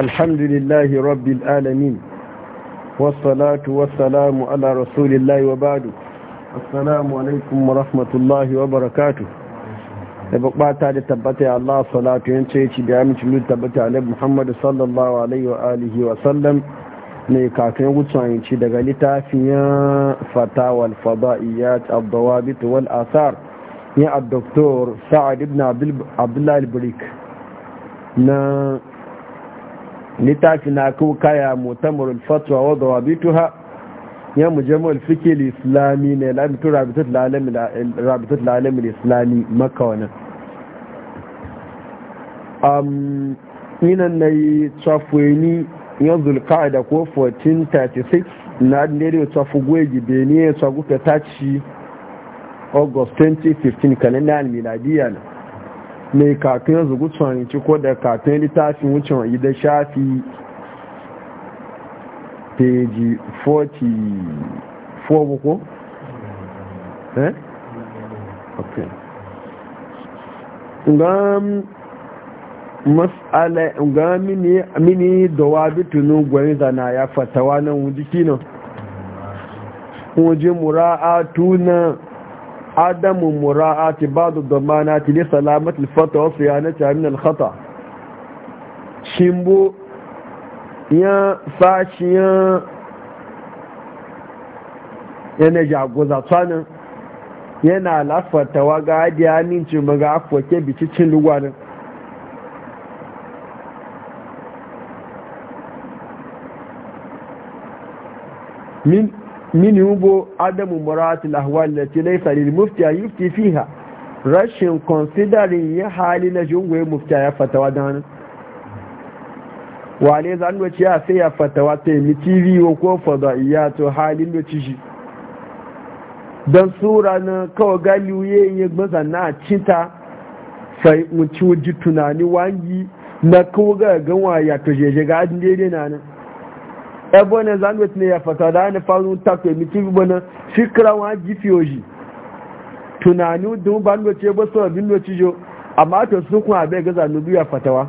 الحمد لله رب العالمين والصلاة والسلام على رسول الله وبعد السلام عليكم ورحمة الله وبركاته يبقى تعالى تبتع الله صلاة ينشيك بعمل شلول تبتع على محمد صلى الله عليه وآله وسلم ne kafin شيدا daga littafiyan فتا والفضائيات الضوابط والآثار يا الدكتور سعد sa'ad عبد الله البريك na littafi na kaya mutamar fatwa wadda wa bituha ya mujammal fikil islami ne lamitu rabitat lalamin islami maka wani ninan na yi tsafuweni yanzu da ko 1436 na adinere tsafu gwegi benin tsaguka tachi august 2015 kalendar miladiya na mai katon zugutsun ci ko da katon littafin wucin wa'i da shafi peji 44 ko? eh? ok ngam mas'ala ga mini mini da gwani zana ya fatawa nan wujiki nan wuje mura'atu na adamu mura'ati ba'd ad-damanati li salamati al-fata wa siyanati min al-khata shimbo ya fashiya yana jagoza yana lafartawa ga adiya aminci maga afoke bicicin lugwanin min min yubo adamu muratul ahwal lati laysa lil mufti yufti fiha rashin considering ya hali na jungwe mufti ya fatawa dan wale zan wace ya sai ya fatawa ta mi tv ko fadaiyatu halin da ci dan sura na kawai galiuye ya gbaza na cinta sai mu ci tunani wangi na kawai ga ganwa ya to jeje ga adin daidai na nan ebe ne wet ne ya fata da ne fa ta to mi ti bana fikra wa oji tunani dun ban go ce ba so bin ci jo amma to su kun abe ga zanu biya fatawa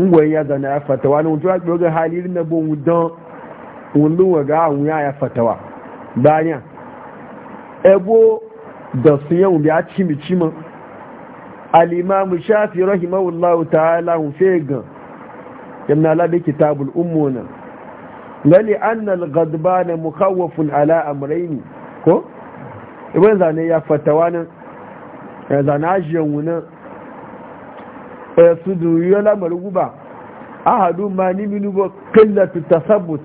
ngwe ya zana ya fatawa ne to ga ga halin na bon wudan lu wa ga an ya fatawa banya ebo da su yau a ci mi ci ma al-imam shafi rahimahullahu ta'ala hu fegan yamna labi kitabul ummuna lali annal na mukawafin ala amrayni ko Iban zane ya fatawa nan ya zane ajiyar wunan ya su duriyo lamar guba A hadu ma ni minubo qillatu tasabbut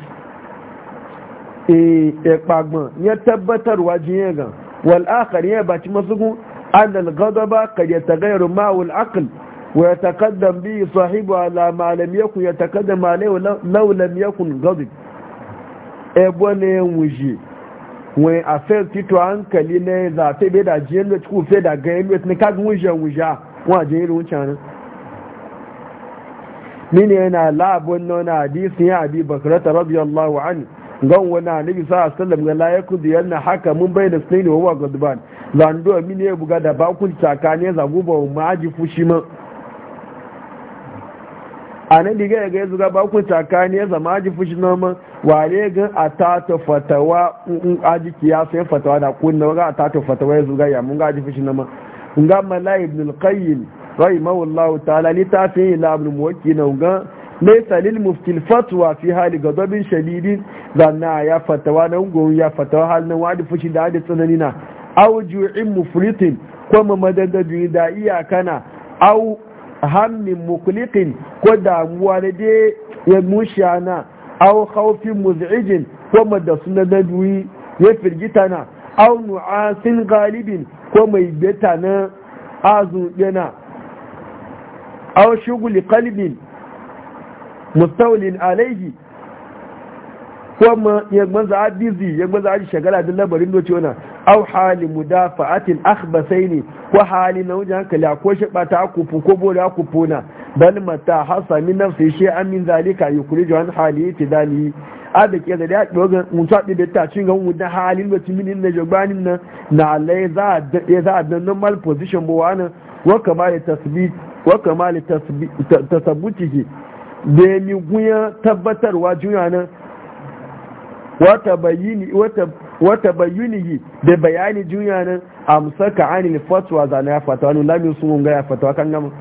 e ya e pagbon ya tabbatar jiyan gan wal akhar ya baci masugun annal ghadaba qad yataghayyaru ma'u ma'ul akil ويتقدم به صاحبه على ما لم يكن يتقدم عليه لو لم يكن غضب ebe na enwuji wani afel tito hankali na ya zafe bai da jiyar da cikin fe da ga yalwet na kagin wujen wuja wajen irin wucanin mini yana labun nuna hadisin ya abi bakarata radiyallahu anhu gan wani annabi sa sallam ga layaku da na haka mun bai da sunni wa gadban zando mini ya e buga da bakun tsakani ya zagu ma aji fushi ma a nan diga ya ga zuga ba ku takani ya zama ji fushi noma wale gan a tata fatawa in mm, mm, aji kiya sai fatawa da kunna waga a tata fatawa ya zuga ya mun ga ji fushi noma in ga mala ibn al-qayyim rahimahullahu ta'ala ni ta fi ila ibn muwakki na ga laysa lil mufti al-fatwa fi hali ghadabin shadidin zanna ya fatawa nan gon ya fatawa hal nan wadi fushi da hadi tsanani na aw ju'in mufritin kuma madadadu da iyakana aw hammin mukulikin ko damuwa na dai ya mushana au haufin muz'ijin ko da suna na duyi ya firgita na aw nu'asin galibin ko mai beta na azu yana aw shuguli kalibin mustaulin alaihi, ko ma ya gbanza abizi ya gbanza shagala da labarin doce wana au hali mudafa'atin ne ko hali na wajen hankali a ko shiɓa ta kufu ko bori kufu na bal mata hasa min nafsi shi an min zalika yukuri jiwan hali ti dali a da ke zari a ɗogan musa ɗibe ta cin gan hali ba wacin minin na jagbanin na na alai za a dan normal position ba wani waka ma da tasabbuci ke da ya mi guya tabbatarwa juna nan wata bayini wata wata bayyunihi da bayani juya nan musaka anil fatwa zana ya fatawa ne lamin sun ga ya fatawa kan gama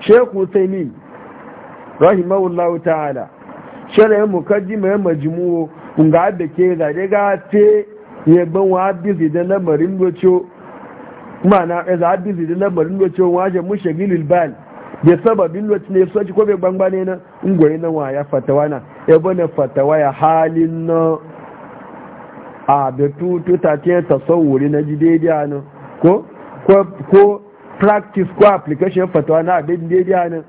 sheku taimi rahimahullahu ta'ala shirayen mukaddima ya majmuwo ga da ke zaɗe ga te ya ban wa bizi da lamarin doce, mana ya za bizi da lamarin locio wajen mushagilil bal da sababin loci ne soci ko bai gbangbane na ungwari na wa ya fatawa na ya bane fatawa ya halin na a da tuta ce tasawuri na jidediya nan ko ko practice ko application fatawa na abin jidediya nan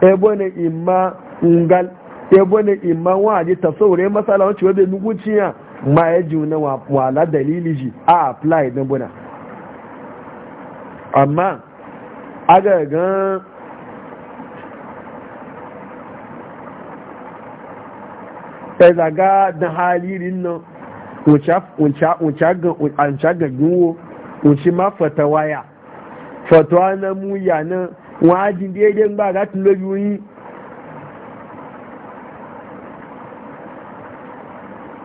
ebo ne imma ngal ebo ne imma waje tasawuri masala wacce wadda nuguciya ma ya ji na wala dalili ji a apply na buna amma aga gan ezaga da halirin nan uncaga yiwo ma fatawa ya fatawa na mu ya na wajin daidai ba za ta lobi yi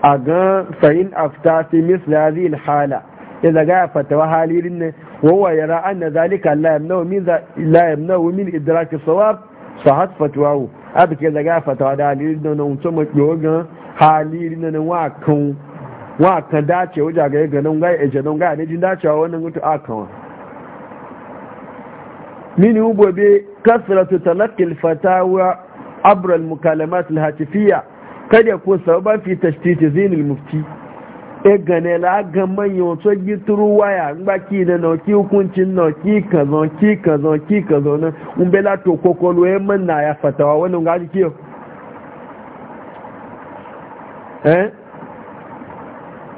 a gan fa'in afta fi misla zai hala ya zaga ya fatawa halirin ne wawa yara an na zalika la yamnawu min idraki sawab sahat fatawa abu ke zaga ya fatawa da halirin na wuce maɗogan halirin na wakan wa ta dace wajen ga ganin gai a janin gai ne jin dacewa wani mutu aka kawo mini ubo kasar kasratu talakil fatawa abral mukalamat alhatifiya hatifiyya kada ko ba fi tashtiti zin al-mufti e gane la manyan to gituru waya ba ki na no ki hukuncin na ki kazon ki kazon ki kazon na umbela to kokolo e man na ya fatawa wani ga ki eh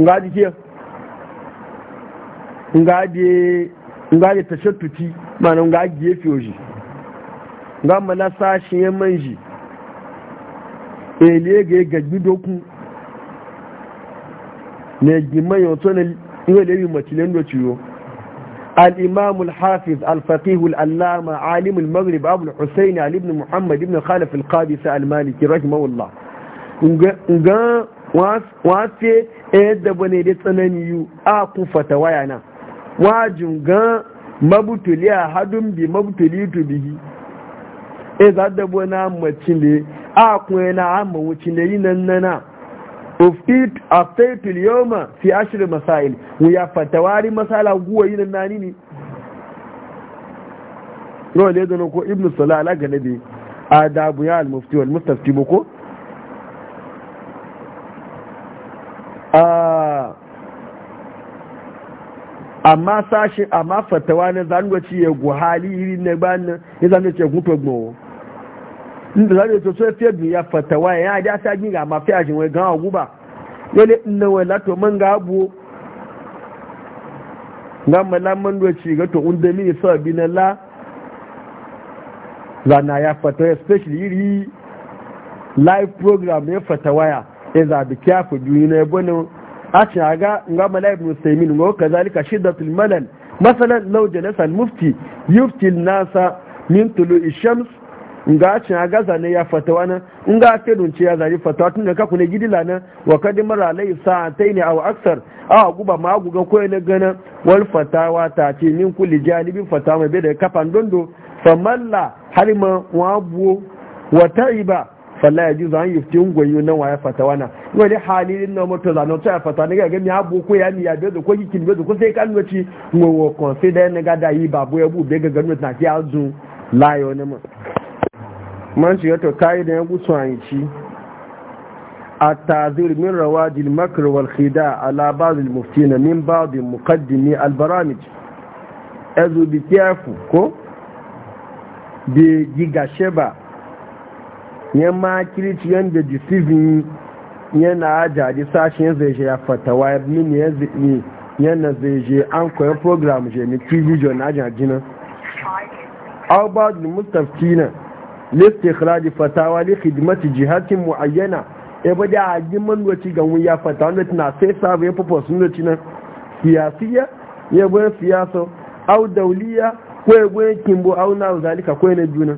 nga ji ke nga nga je tashattuti ma'ana nga gefe yoji nga mala sashi ya manji ele ga gagbi doku ne gimman yanzu ina iwe yi matilin da ciwo الإمام الحافظ الفقيه الألامة عالم المغرب أبو الحسين علي بن محمد بن خالف القادس المالكي رحمه الله wafe yadda eh, bane da tsanani yu a ta waya na wajin gan mabutuli a hadun bi mabutuli tu bihi e za da bana mace da a yi. na amma wuce da yi nan nana ufit afaitul yoma fi ashirin masail ya fatawari masala guwa yi nan nani ne Rawar da ya ko Ibn Salah ala gane da adabu ya al-mufti wal mustafti ko Ah. amma sashi amma fatawa na zangoci ya hali iri na gbanin ya zangoci ya gufe gbowo inda zangoci to sai fiye biya fatawa ya yi asa gini ga mafi ajin wai gan aguba yale ina wai lato man ga abu ga malaman doci ga to unda mini sa bi na la zana ya fatawa especially iri live program ya fatawa ya ya zaɓi kyafu biyu na yabo ne a ce ga nga mala ibn usaimin ga ka zalika shiddatul malal masalan law jalasa mufti yufti nasa min tulu shams nga cin aga zane ya fatawa nan in ga ake dunce ya zari fatawa tun da kaku ne gidila na. wa kadi mara alai sa'atai ne aw aksar awa guba ma guga koyi na gana Wani fatawa ta ce min kulli janibin fatawa mai bai da kafan dondo famalla har ma wa buwo wa ba. falla ya ji zan yi fitin gwayo nan waya fata wana wani hali ne na mutu zanen tsaye fata ne gaggami ya boko ya ni ya biyo da kogi kini biyo da kusa ya kan nuci nwewa kwanse da yana gada yi ba buwa bu bai gaggami na fi azu layo ne ma man shi yato kayi da ya gusu an ci a min rawa jil wal khida a labarin mufti na min ba da mukaddimi albaramiji ezubi kiyafu ko bi gigashe ba yan makirci yan da deceiving yana jadi sashen zai je ya ya zai yana zai je an koyan program je ni tv jo na jajina albad mustaftina listikhraj fatawa li khidmati jihatin muayyana e ya bada da hajjin manwaci ga mun ya fata wanda tana sai sabu ya fafa sun lokaci nan siyasiya ya gwen siyasa au dauliya ko ya kimbo au na zalika ko na juna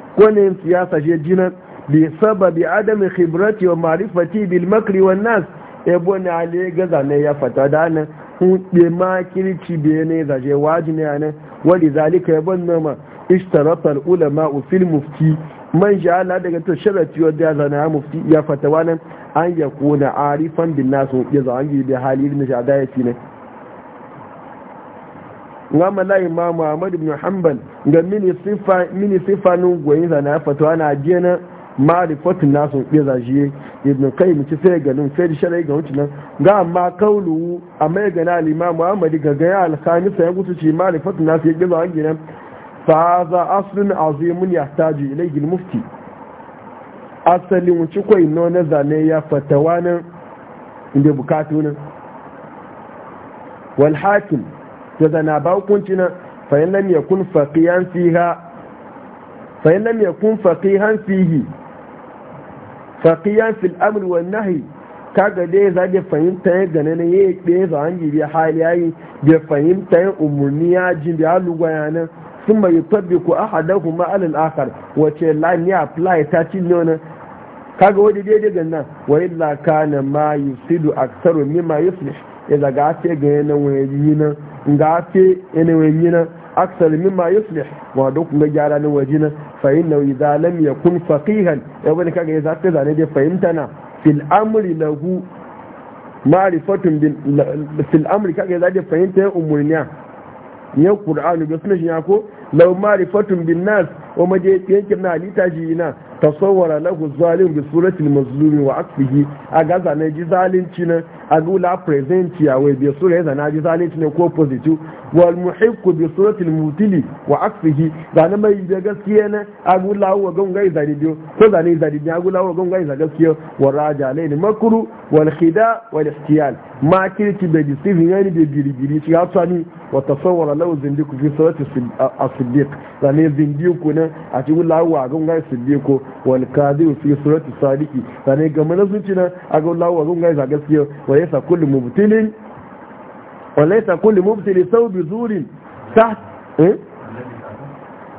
kwanin siyasa shi jinan bi sababi adamin khibrati wa ma'rifati bil makri wan nas e bon ale gaza ne ya fata da nan hun ma kirci ne da waji ne nan wali zalika ya bon nama ishtarata ulama ufil mufti man ja'ala daga to sharati wa da zana mufti ya fata wannan an yakuna arifan bin nas ya zangi bi halil ne ja da ne nga mala imam Ahmad ibn Hanbal ga mini sifa nun goyin sa na fatawa na ajena ma'rifatun nasu biza shi ibn qayyim ci sai ga nun sai da sharai ga wucin ga amma kaulu amma ga na imam Ahmad ga ga al sai ya gutu ci ma'rifatun nasu ya biza gidan fa za aslun azimun yahtaju ilayhi al-mufti asalin wuci kwai no na zane ya fatawa nan inda bukatu nan wal hakim to zana ba hukunci nan fayin lam yakun faqihan fihi faqiyan fil amr wan nahy kaga dai za fayin ta ya gane ne yayi ɗaya za an gibi hali yayi da fahimta ya umurni ya ji da lugwa yana sun mai tabbi ku a al-akhar akar wace la ni apply ta ci nuna kaga wani daidai ga nan wa illa kana ma yusidu aksaru mimma yuslih ya ga sai ga yanan wani yi nan ga ce yanayin yana aksar mimma yuslih wa duk ga gyara na wajina fa inna idza lam yakun faqihan ya bani kaga ya zaka zane da fahimta na fil amri lahu ma'rifatun bil fil amri kaga ya zaka fahimta umurniya ya qur'anu shi ya ko law ma'rifatun bin nas wa maje yankin na alita shi na tasawwara lahu zalim bi suratil mazlumi wa aksihi aga ga zane ji zalinci nan a ga la present ya wai bi sura ya zana ji zalinci ne ko positive wal muhiq bi surati mutili wa aksihi zane mai da gaskiya ne aga ga la wa gon gai zani biyo ko zane zani biyo aga ga la wa gon gai gaskiya wa raja lain makru wal khida wal ihtiyal ma kirki da disifin yani da girgiri shi ya tsani wata sauwara lau zindiku fi sauti a siddiq zane zindiku nan a cikin lawa a gunga siddiku wani kazi fi sauti sadiki zane game na zuci nan a gunga lawa a za gaskiya wa yasa kullu mubtilin wa laysa kullu mubtili sau bi zurin ta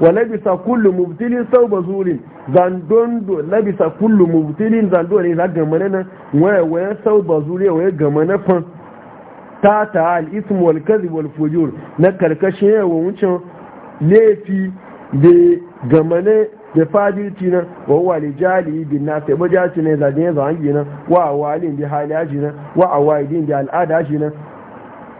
wa labisa kullu mubtilin sauba zurin zandondo labisa kullu mubtilin zando ne za gama na waya waya sauba zuri waya gama na fan ta ta al ism wal kadhib wal fujur na karkashin yawa wucin laifi da gama ne da fajirci nan wa wali jali bin na sai majaci ne zaje zangi nan wa walin bi halaji nan wa awaidin bi al'ada shi nan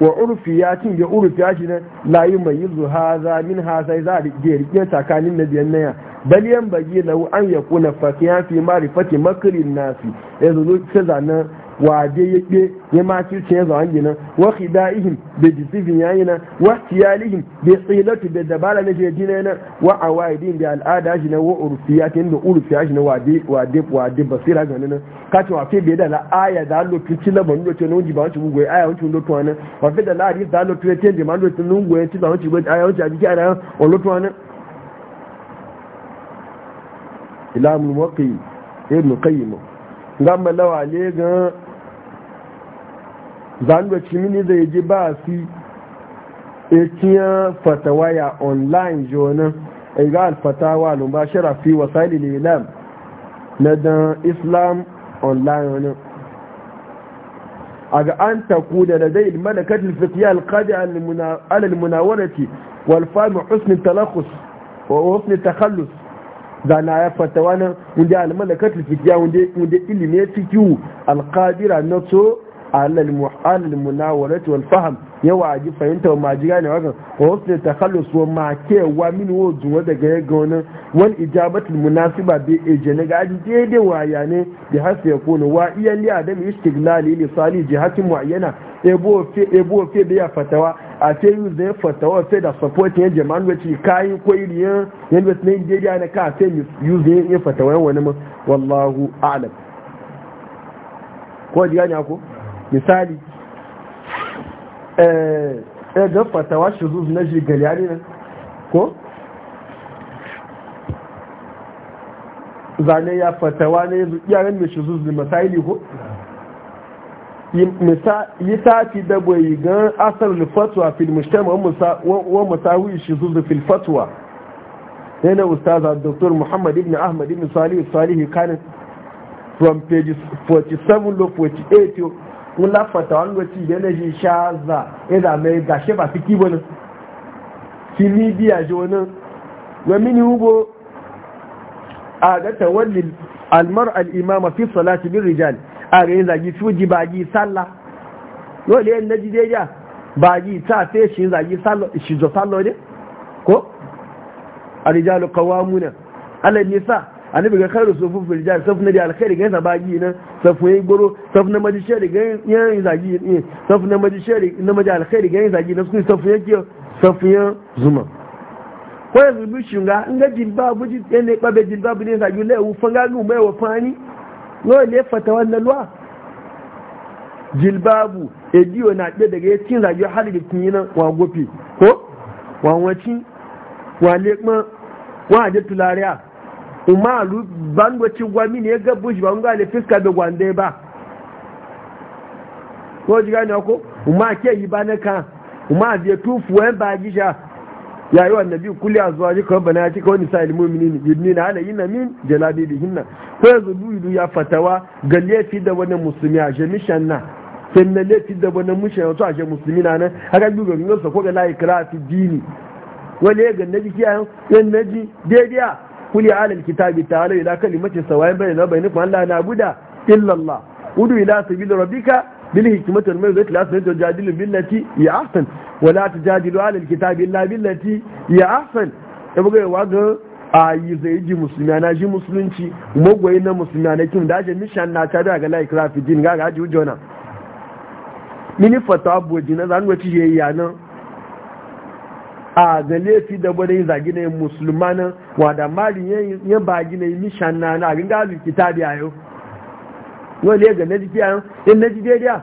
wa urfi ya cin ya urfi ya shi nan layi mai yi zuha za min ha sai za a rike tsakanin na biyan naya bal yan bagi lau an ya kuna fasiyan fi fati makirin nasi yanzu sai zanan wa de yake ya ma ci ce ya zawan gina wa khida'ihim bi disifin yayina wa tiyalihim bi tsilatu bi dabala na je jina yana wa awaidin bi al'ada shi na wa kin da urfiya shi na wa de wa de wa de basira ga nan ka ce wa fe be da la aya da lo ci laban lo ce nonji ba wancu goyi aya wancu lo to wa fe da la hadis da lo ce te ma lo ce nun goyi ci ba wancu goyi aya wancu abiki ana wa lo to anan ilamul waqi ibn qayyim gamba lawa le gan zanda mini zai ji ba fi ikiya e fatawaya online jonan e ga alfatawa lumbashira fi wasaili lilam na dan islam online a ga an taku da da zai malakat alfatiya alkaji alalmunawarati walfami husnin talakus wa husnin takallus na ya fatawa nan wunde almalakat alfatiya wunde ilimin fikiyu alkadira na so alal munawarati wal faham ya waji fahimta wa majiga ne wakan wa husnul takhallus wa ma kewa min wo zuwa daga ya ga wani wal ijabatul munasiba bi ejene ga ji daidai wa ya ne bi hasu ya kone wa iya li adam istiglali li sali jihatin muayyana ebo fe ebo fe bi ya fatawa a ce yi zai fatawa sai da support ya jama'an wace kayi ko iri yan yan wasu ne daidai na ka sai yi zai yin fatawa wani ma wallahu a'lam ko ji gane ako? misali ya ga fatawa shi zuzu na jirgin yari nan ko? zane ya fatawa ne yaren mai shi zuzu misali ko? yi tafi da bai gan asar fatwa fil mujtama wa musawi shi zuzu fil fatwa yana ustaza dr muhammad ibn ahmad ibn salih salih kanin from page 47 to 48 kula fata lokaci da na shi sha za ya e zama gashe ba su kibo nan fili biya shi wani wa mini hugo a ga tawallin almar al'imama fi salati bin rijal a ga yin zagi fuji bagi sallah dole yin na jideja bagi ta fe shi zagi shi zo sallah ne ko a rijalu kawamuna alal nisa annabi ga khairu sufu fil jar saf na da alkhairi ga sabagi na saf yayi goro saf na maji shari ga yan zagi ne eh, saf na maji shari na maji alkhairi ga yan zagi na su safu yake saf yan zuma ko ya zubi shunga in ga jilbabu ji ne kwabe jilbabu ne zagi le wu fanga lu mai fani no le fata wannan lwa jilbabu ediyo na ɗaya daga ya cin zagi har da kin yi nan wa gofe ko wa wacin wa lekman wa je tulariya umaru bangwacin gwami ne ga bush ba nga le fiska da gwande ba ko ji gani ko umar ke yi ba na kan umma je tufu wen ba gisha ya yi wannan biyu kulli azuwa ji kawai bana ya ci kawai nisa ilimin ni yudni na ala yi na min jalabi da hinna ko yanzu duyidu ya fatawa ga lefi da wani musulmi a jamishan na sai na lefi da wani mushe wato a musulmi na nan haka biyu ga gangan sa ko ga layi kira fi dini wani ya ga naji kiyayen yan naji daidai kuli alal kitabi ta'ala ila kalimati sawayin bayna bainakum alla na'budu illa Allah udu ila sabil rabbika bil hikmati wal mawdati la tajadilu billati ya ahsan wa la tajadilu alal kitabi illa billati ya ahsan Ya buga yawa ga ayi zai ji musulmi na ji musulunci magwai na musulmi na kin da ajin na ta daga la ikrafi din ga ga ji ujona mini fatawa boji na zanwaci yayi yana a ga laifi da yin zagi na musulmanin wada mari ya bagi na mishan na na ga kita kitabi yau. wani ga na jikiya yau? in na jikiya dia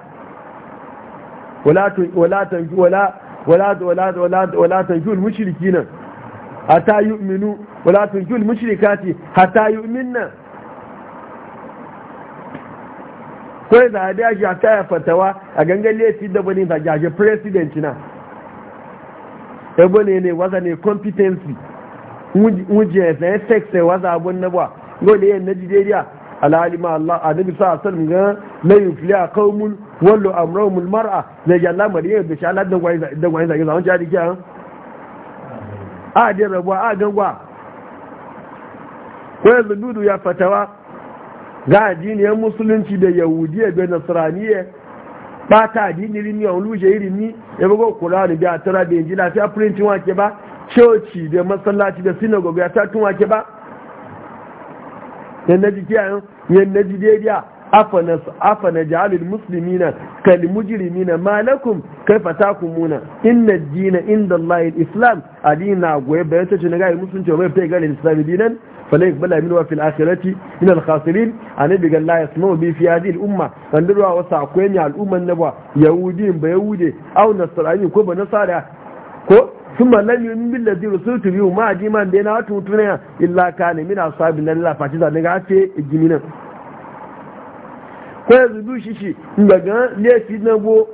wala to wala nan a ta yi uminu wala tan jul ce a ta yi umin nan mushrikati hatta yu'minna ko a ta yi fatawa a gangan laifi da yin zagi a presidenti na ebo ne ne waza ne competency wujiyar na sex sai e waza abun na ba gole yin e na jideriya alalima Allah annabi sa sallam ga la yufliya qaumun e a amrahum almar'a mara yalla yi bi sha Allah dan gwai dan zagi zai zaman jadi kiyan a je rabuwa a gangwa ko yanzu dudu ya fatawa ga addinin musulunci da yahudiya da nasraniyya bata adini rini a oluje irini ya buga kurani bi a tara da injila fi a wa wake ba coci da masallaci da sinagoga ya tatun wake ba yan na jiki a yan na jidediya afana ja'alul muslimina kal mujrimina na lakum kai takumuna inna ad-dina inda Allah al-islam adina goye bayan tace na gari musulunci bai fita ga al-islam dinan fala bala min wa fil akhirati min al-khasirin annabi ga la yasmu bi fi hadhihi al-umma kandirwa wasa akwai ne al umma nabwa yahudin ba yahude aw nasrani ko ba nasara ko ثم لم يؤمن بالذي رسلت به ما اجي من بيناتهم الا كان من اصحاب النار فاتذا نغاتي اجمينا ko yanzu du shi shi daga lefi na bo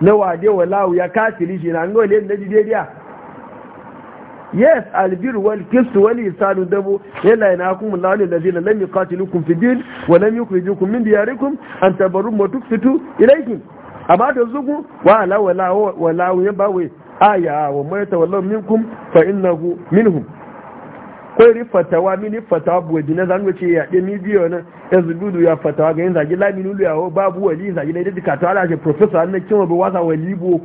na wade wa lawu ya kasiri shi na ngo le na dia yes albir wal kis wal ihsan dabu yalla kum Allahu allazina lam yuqatilukum fi din wa lam yukhrijukum min diyarikum an tabarrum wa tukfitu ilaykum amma da zugu wa la wala wala ya bawe aya wa mayta wallahu minkum fa innahu minhum kwai fatawa mini fatawa buwaji na zanuwa ce ya ɗe mi biyo na ya zududu ya fatawa ga yin zagi laminu ya wo babu wali yin zagi na idadi katawa da ake profesa na kima bai wasa wali bo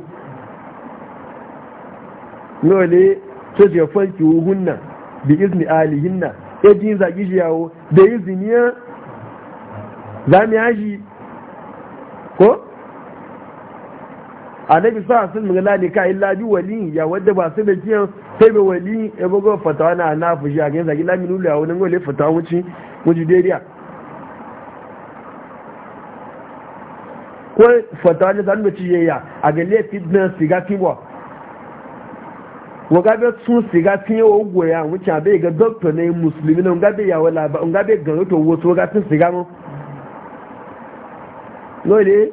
nole ce ce fanki hunna bi izni alihinna ya ji yin zagi shi yawo da izini ya zami yaji ko annabi sa sun mun la nika illa bi wali ya wadda ba su da kiyan sai be wali e bugo fatawa na na fushi a ganin zagi laminu la wani gole fatawa wuce wuce dariya ko fatawa ne zan ci yayya a ga le fitness siga kibo wa gabe sun siga tinye wa goya wuce abe ga doctor ne musulmi na ngabe ya wala ba ngabe ga to wato ga tun siga mu lole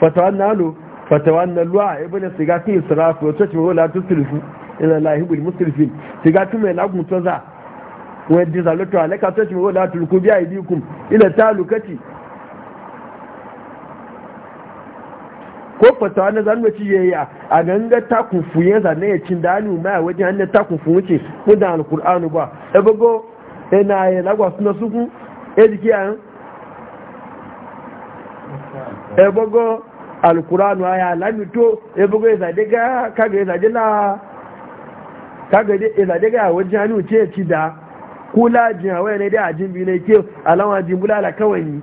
fatawa na lo fatawannan luwa ibn sigatin israfu wato ce wala tusrifu ila lahibul musrifin sigatin mai lagun toza wani dizalotu alaka to ce wala tulku biya idikum ila talukaci ko fatawa na zanuwa ci yayi a ganga takun fuyen zane ya cin dani ma ya wajen hannun takun fuyen ce ko da alkur'anu ba e bago ina ya lagwa suna suku e jiki a yan eh? e bago alkuranu aya lamito ebugo bugu ya zade ga kaga ya la kaga ya ga wajen hannu ce ci da kula jin hawa ne da ajin bi ne ke alama jin bulala kawani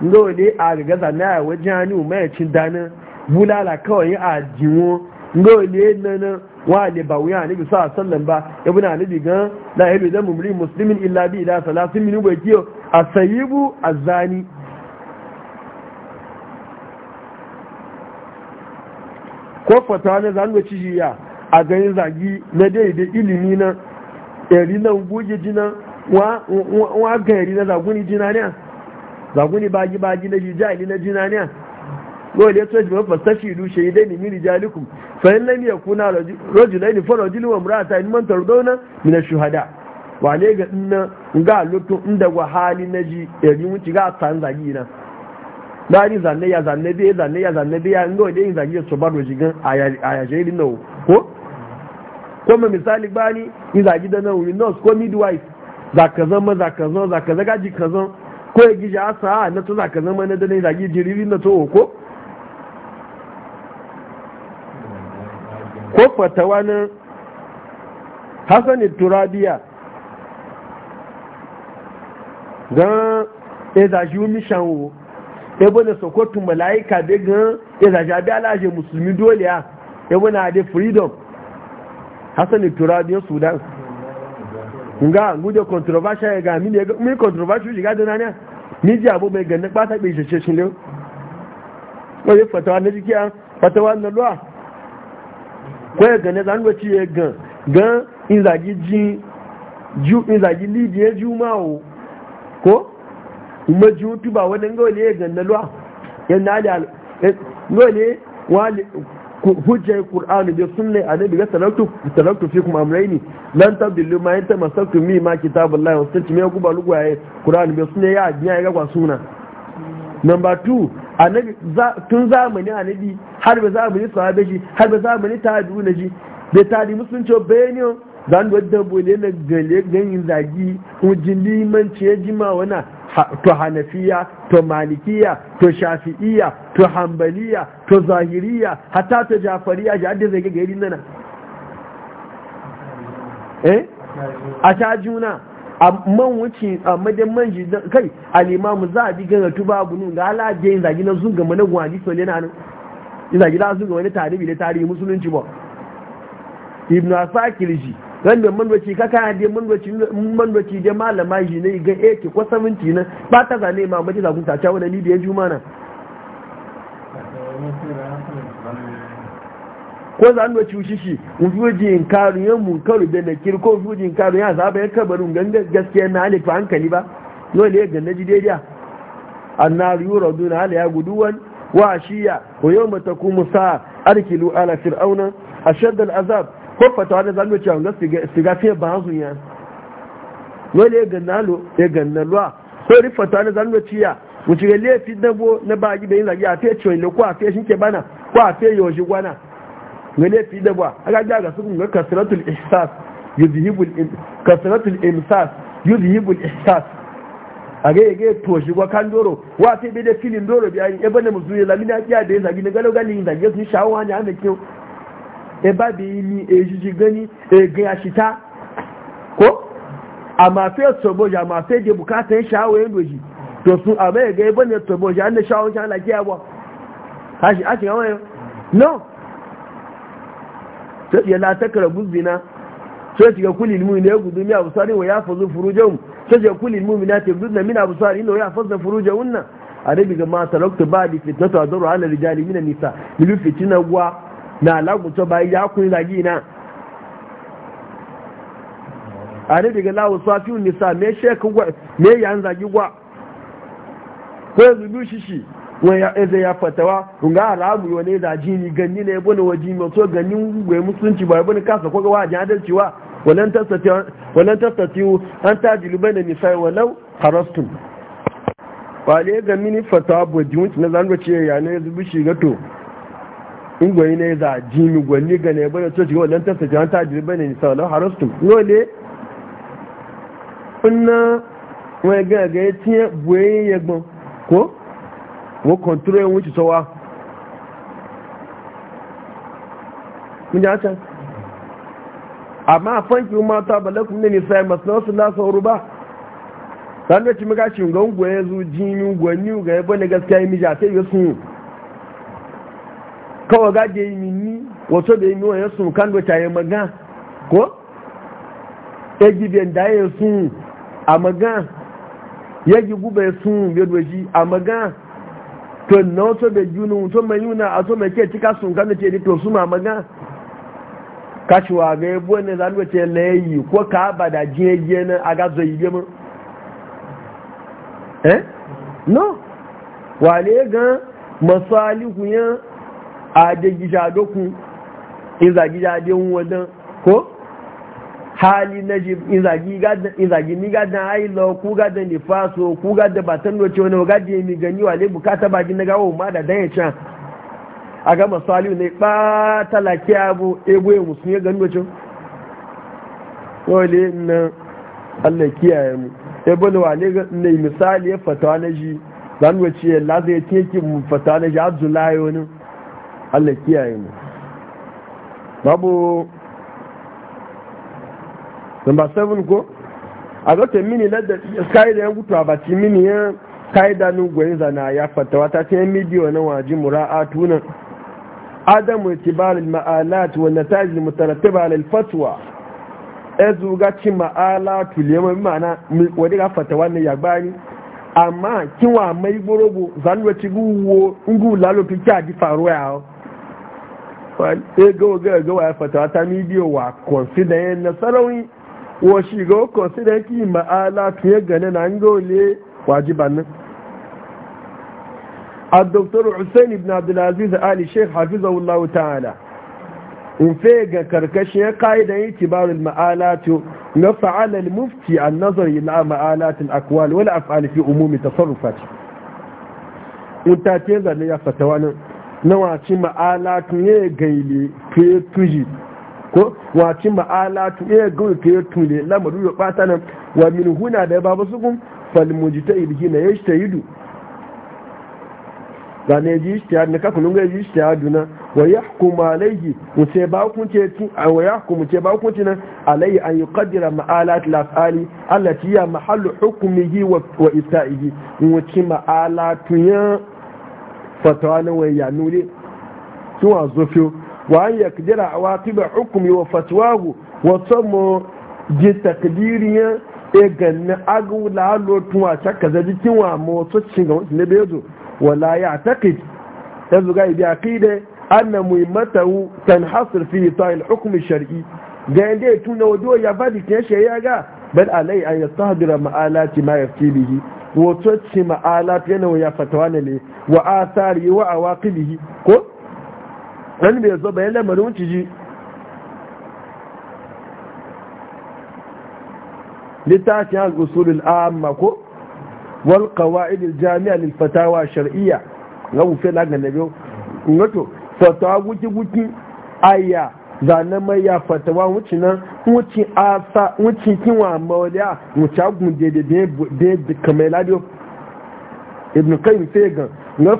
ndo ne a gaza na a wajen hannu mai cin dana bulala kawani a jinwo ndo ne nan wa ne ba wuya ne bisa sallan ba ibn ali gan la ilaha illa muslimin illa bi ila salasin min ubaykiyo asayibu azani ko fata ne zan ci ya a ganin zagi na daidai ilimi na eri na goge jina wa ga yari na zaguni jina ne zaguni bagi bagi na jijali na jina ne wọ́n lè tó ìjìmọ̀ shi ìlú ṣe ilé nìmí ìjálìkù fẹ́yìn lẹ́ni ẹ̀kúnná rọ́jùlẹ́ ní fọ́nà ojú níwọ̀n múrata inú mọ́ntọ̀rọ̀ dọ́nà mina ṣùhádà wà lè ga ina ga lótó inda hali na ji ẹ̀rí wúci ga tàn zagi na bari zanne ya zanne biya zanne ya zanne biya inda wani yin zanne su bar wajigan a yajerin nau ko kuma misali bani in zagi da nau nurse ko midwife za ka zama za ka zama za ka zaga ji ka zama ko ya gija asa na to za ka zama na da ne zagi jiriri na to ko ko fatawa na hasan turabiya gan ezaji omishan wo ya bane sokotun mala'ika da gan ya zaji abi alashe musulmi dole ya ya bane ade freedom hassan turadiyar sudan nga guje controversial ya gami ne mi controversial shiga da naniya ni ji abu mai ganin ba ta ɓe shashe shi ne ko kwaye fatawa na jiki fatawa na luwa kwaye gane zanwaci ya gan gan in zagi ji in zagi ma jumawo ko kuma jutu ba wani ne ya ganna luwa yana da ngole wali hujjar sun ne sunna annabi ga salatu fi kuma amrayni lan tabdillu ma yanta masaktu mi ma kitabullahi wa sunnati me ku ba lugwaye da sun ne ya ajiya ga kwa suna. number 2 annabi tun zamani annabi har ba zamani sahabe shi har ba zamani tabi'una ji da tali musulunci Zan dan wadda bole na gale ganin zagi ujin limanci ya jima wana to hanafiya to malikiya to shafi'iya to hambaliya to zahiriya hatta to jafariya ji hadda zai gaga irin nana eh a ta juna a man wuce a madan man kai alimamu za a bi gana tuba abu nun ga alaje yin zagi na zunga mana gwani so na nan yin zagi na zunga wani tarihi da tarihi musulunci ba ibn asakirji wanda man wace ka kana dai man manwaci da malama shi ne ga 80 ko 70 nan ba ta zane ma ba za ku ta ta wani juma nan ko za nwa cuci shi ufujin karu yan karu da na kirko ufujin karu ya zaba ya kabarin ganga gaskiya na alif hankali ba dole ga naji daidai annar duna ala ya guduwan wa shiya wa yawma takumu sa arkilu ala fir'auna ashadda al'azab ko fatawa da zanu cewa ga siga fe ba su ya wale ga nalo ya ga nalwa ko ri fatawa da zanu ciya wuce ga lefi dabo na ba gibe yin lagiya fe cewa ne ko a shi ke bana ko a fe yoshi gwana ga lefi dabo aka ga ga su kun ga kasratul ihsas yuzhibul kasratul imsas yuzhibul ihsas a ga ga to shi gwa kan doro wa sai bai da filin doro biya in ebe na musu ya lamina kiya da yin zagi na galo gali yin zagi sun shawo hanya an da kyau eba bi ni ejiji gani egin ashita ko amma fe soboja amma fe de bukata ya shawo yin doji to su amma ya ga ebe ne soboja an da shawo shi ala giya ba hashi a shiga wani no sai ya la takara So sai shiga kulil mu ne gudu mi abu sari wa ya fazu furujahum sai shiga kulil mu ne ta gudu min abu sari ne ya fazu furujahunna a rabi ga ma talaktu ba di fitnatu adoru ala rijali mina nisa bi fitina wa na lagunto ba ya kun zagi na a ne daga lawo safi nisa me shekin gwa me ya zagi gwa ko yanzu biyu shishi wani ya eze eh, ya fatawa ga alamu yau ne da jini ganni na yabo na waji mai so ganni gwai musulunci ba yabo na kasa ko gawa jihar adalciwa wannan tattatiyu an tajilu bai da nisa walau harastun ba ne ga mini fatawa bojin wuce na zanuwa ce ya ne zubi gato. ingwani ne za jimi gwani ga ne bane to cikin wannan tasa an ta jiri bane ni sallallahu harastu dole kunna wai ga ga tiye buye yagbon ko wo control yin wuce sowa mun ja ta amma fanki ma ta balakum ne ni sai masna sallallahu ruba sanne ci miga shi ngon gwaye zu jimi gwani ga bane gaskiya mi ja sai yusun kawai ga yi mini wato da yi mi wani sun kan da caye maga ko ya e gibe da ya sun a maga ya gibu bai sun bai doji a maga to na wato da yunu to mai yuna a to mai ke cika sun kan da ce to su ma maga kashewa ga yabo e ne za nuna ce layayi ko ka ba da jiye na a gazo yi gama eh no wale ga masalihu yan ade gija doku in zagi jade wadan ko hali na ji in zagi ni gadan ayi lo ku gadan ni faso ku gadan ba no ce wani gadan mi gani wale bukata ba gina gawo ma da dan ya a ga masaliu ne ba talaki abu ego ya musu ya gani wacin wale na Allah kiyaye mu ebo da wale ne misali ya fatawa na ji zan wace lazai ya teki mu fatawa na ji abdullahi wani Allah kiyaye mu babu number 7 ko a mini ladda kaida ya gutu abaci mini ya kaida nugwayin zana ya fata wata ce midiyo na waji mura'atu nan ci ma'alatu mai mana ga ya amma kinwa mai ci guwo ngu ki a e gawa gawa gawa ya fata ta midiyo wa consider yin na sarauni wa shiga consider ki ma'ala fiye gane na ngole wajiban nan الدكتور حسين بن عبد العزيز آل الشيخ حفظه الله تعالى إن وفيق كركشي قائد اعتبار المآلات نفع على المفتي النظر إلى مآلات الأقوال والأفعال في أموم تصرفاته وانتهت ينظر لي فتوانا na wace ma'alatu ya gaile to ya tuji ko wace ma'alatu ya gaile to ya tule lamarin ya ɓata nan wa min huna da babu sukun falmujita ibiki na ya shi ta yidu ga ne ji shi ta na kakunan ga ji shi ta na wa ya hukuma alaihi wuce ba hukunce wa ya hukuma ce ba hukunce nan alaihi an yi kaddira ma'alat laf'ali Allah ya mahallu hukumihi wa isa'ihi wuce ma'alatu ya fatawa wai ya nuni? sun a wa an yakdira a wata da hukumi wa fatawahu wasu mu ji takdiriyar e ganni agu lalo tun a shakka zaji kin wa cin ga wani bezo wala ya taqid da e ga bi aqida anna tan hasar fi yi hukumi shar'i ga ya tuna wado ya badi kin ya ga bal alai an yastahdira ma'alati ma yafti bihi wato ci ma'ala fiye na ya fatawa ne ne wa asari wa a waƙilihi ko wani bai zo bayan lamarin wuce ji littafin al'usulul amma ko wal qawaid jami'a lil fatawa shar'iyya ga wufe na ganabe wato fatawa guki guki ayya da na mai ya fatawa wuce nan wuce asa wuce kinwa mawaliya wuce agun daidai da kamar ladiyo ibn qayyim sai ga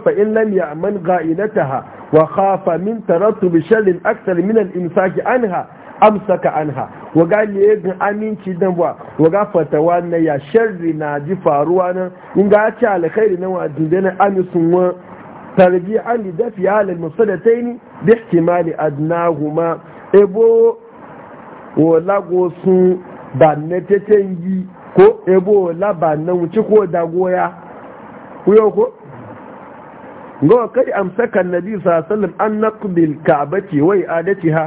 fa in lam ya'man ga'ilataha wa khafa min tarattub sharrin akthar min al-imsaki anha amsaka anha waga legun aminci dan wa ga fatawa na ya sharri na ji faruwa nan in ga ci alkhairi na wa dindana amisun wa ترجيحا لدفع للمفسدتين باحتمال أدناهما إبو ولغوصن بانتتنجي ko ebo laba na wuce ko dagoya kuyo ko gawa kai amsaka nabi sallallahu an naqdil ka'bati wa i'adatiha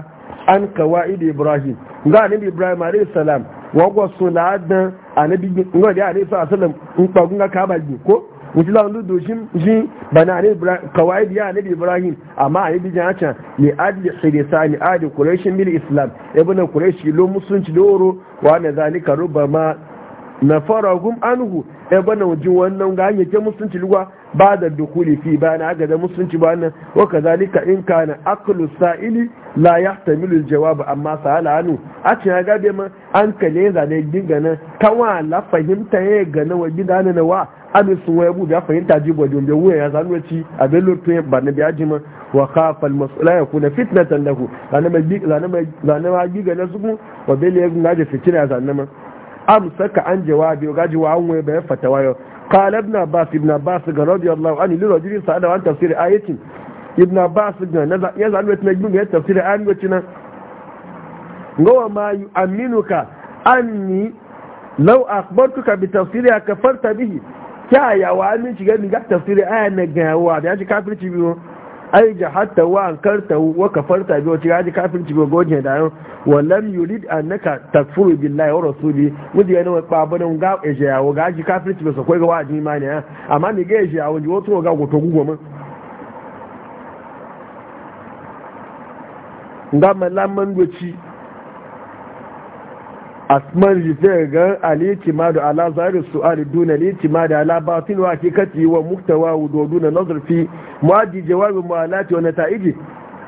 an qawaid ibrahim ga nabi ibrahim alayhi salam wa gwasu ladan anabi gawa da alayhi sallam in pagunga ka'bati ko misila wani dojin shi bana ne kawai biya ne da ibrahim amma a yi bijin hacan ne adli shirisa ne adi kureshin mil islam ibn kureshi lo musulunci doro wa na zalika ruba ma na fara gum anhu ibn wajin wannan ga hanyar ke musulunci luwa ba da dukuli fi ba na aga da musulunci ba nan wa kazalika in kana aklu sa'ili la yahtamilu aljawab amma sa'ala anu a cin ga be man an kale zane dinga nan kan wa la fahimta ya ga na wa gidana na wa abin sun waya bu biya fahimta ji ba jombe wuya ya zanuwa ci abin lotu ba na biya jima wa kafal masula ya kuna fitnatan lahu zane ma giga na suku wa bele ya gunga da fitina ya zane ma am saka an jawabi ga ji wa an waya bayan fatawa yau anhu ابن عباس sa'ada wa قال رضي ayatin ibn abbas ga عن تفسير آية ابن عباس قال يزعل وتنجم من تفسير آية yi قوى ما يؤمنك أني لو أخبرتك بتفسيرها كفرت به kya ya wa min shiga mi ga tafsiri aya na ga wa da ji kafirci biyo ai jahatta wa an ankarta wa kafarta biyo ci gaji ji kafirci biyu goje da yau wa yulid an naka takfuru billahi wa rasuli wudi yana pa bana ga eje ya wa ga ji kafirci biyo so ko ga wa ji imani amma mi ga eje ya ji wato ga goto gugo mun ngama lamman goci asman jife ga da ala su su'ali duna da ala batin wa hakikati wa muktawa wudodu na nazar fi muaddi jawabin mu'alati wa nata'iji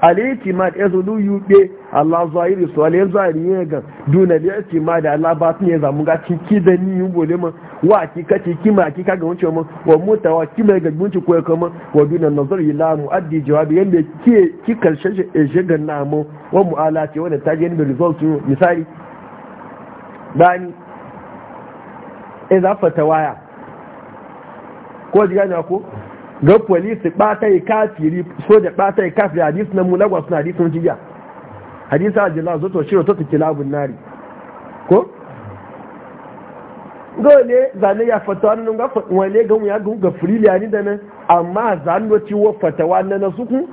da ya zulu yuɗe ala zahirin su'ali ya zahiri yi ga duna da ala batin ya zamu ga ciki da ni yi bole ma wa hakikati kima hakika ga wancan ma wa mutawa kima ga gunci ko wa duna nazar ila muaddi jawabi yanda ki e namu wa mu'alati wa nata'iji result misali bani e eh, za fata waya ko ji gane ko ga polisi bata yi kafiri soja bata yi kafiri hadis na mu lagos na hadisun jiya hadisa ajiyar zo to shiro to kilabun nari ko dole zane ya fatawa nan ga wale ga mu ya ga firili ani da nan amma zano ci wa fatawa nan na suku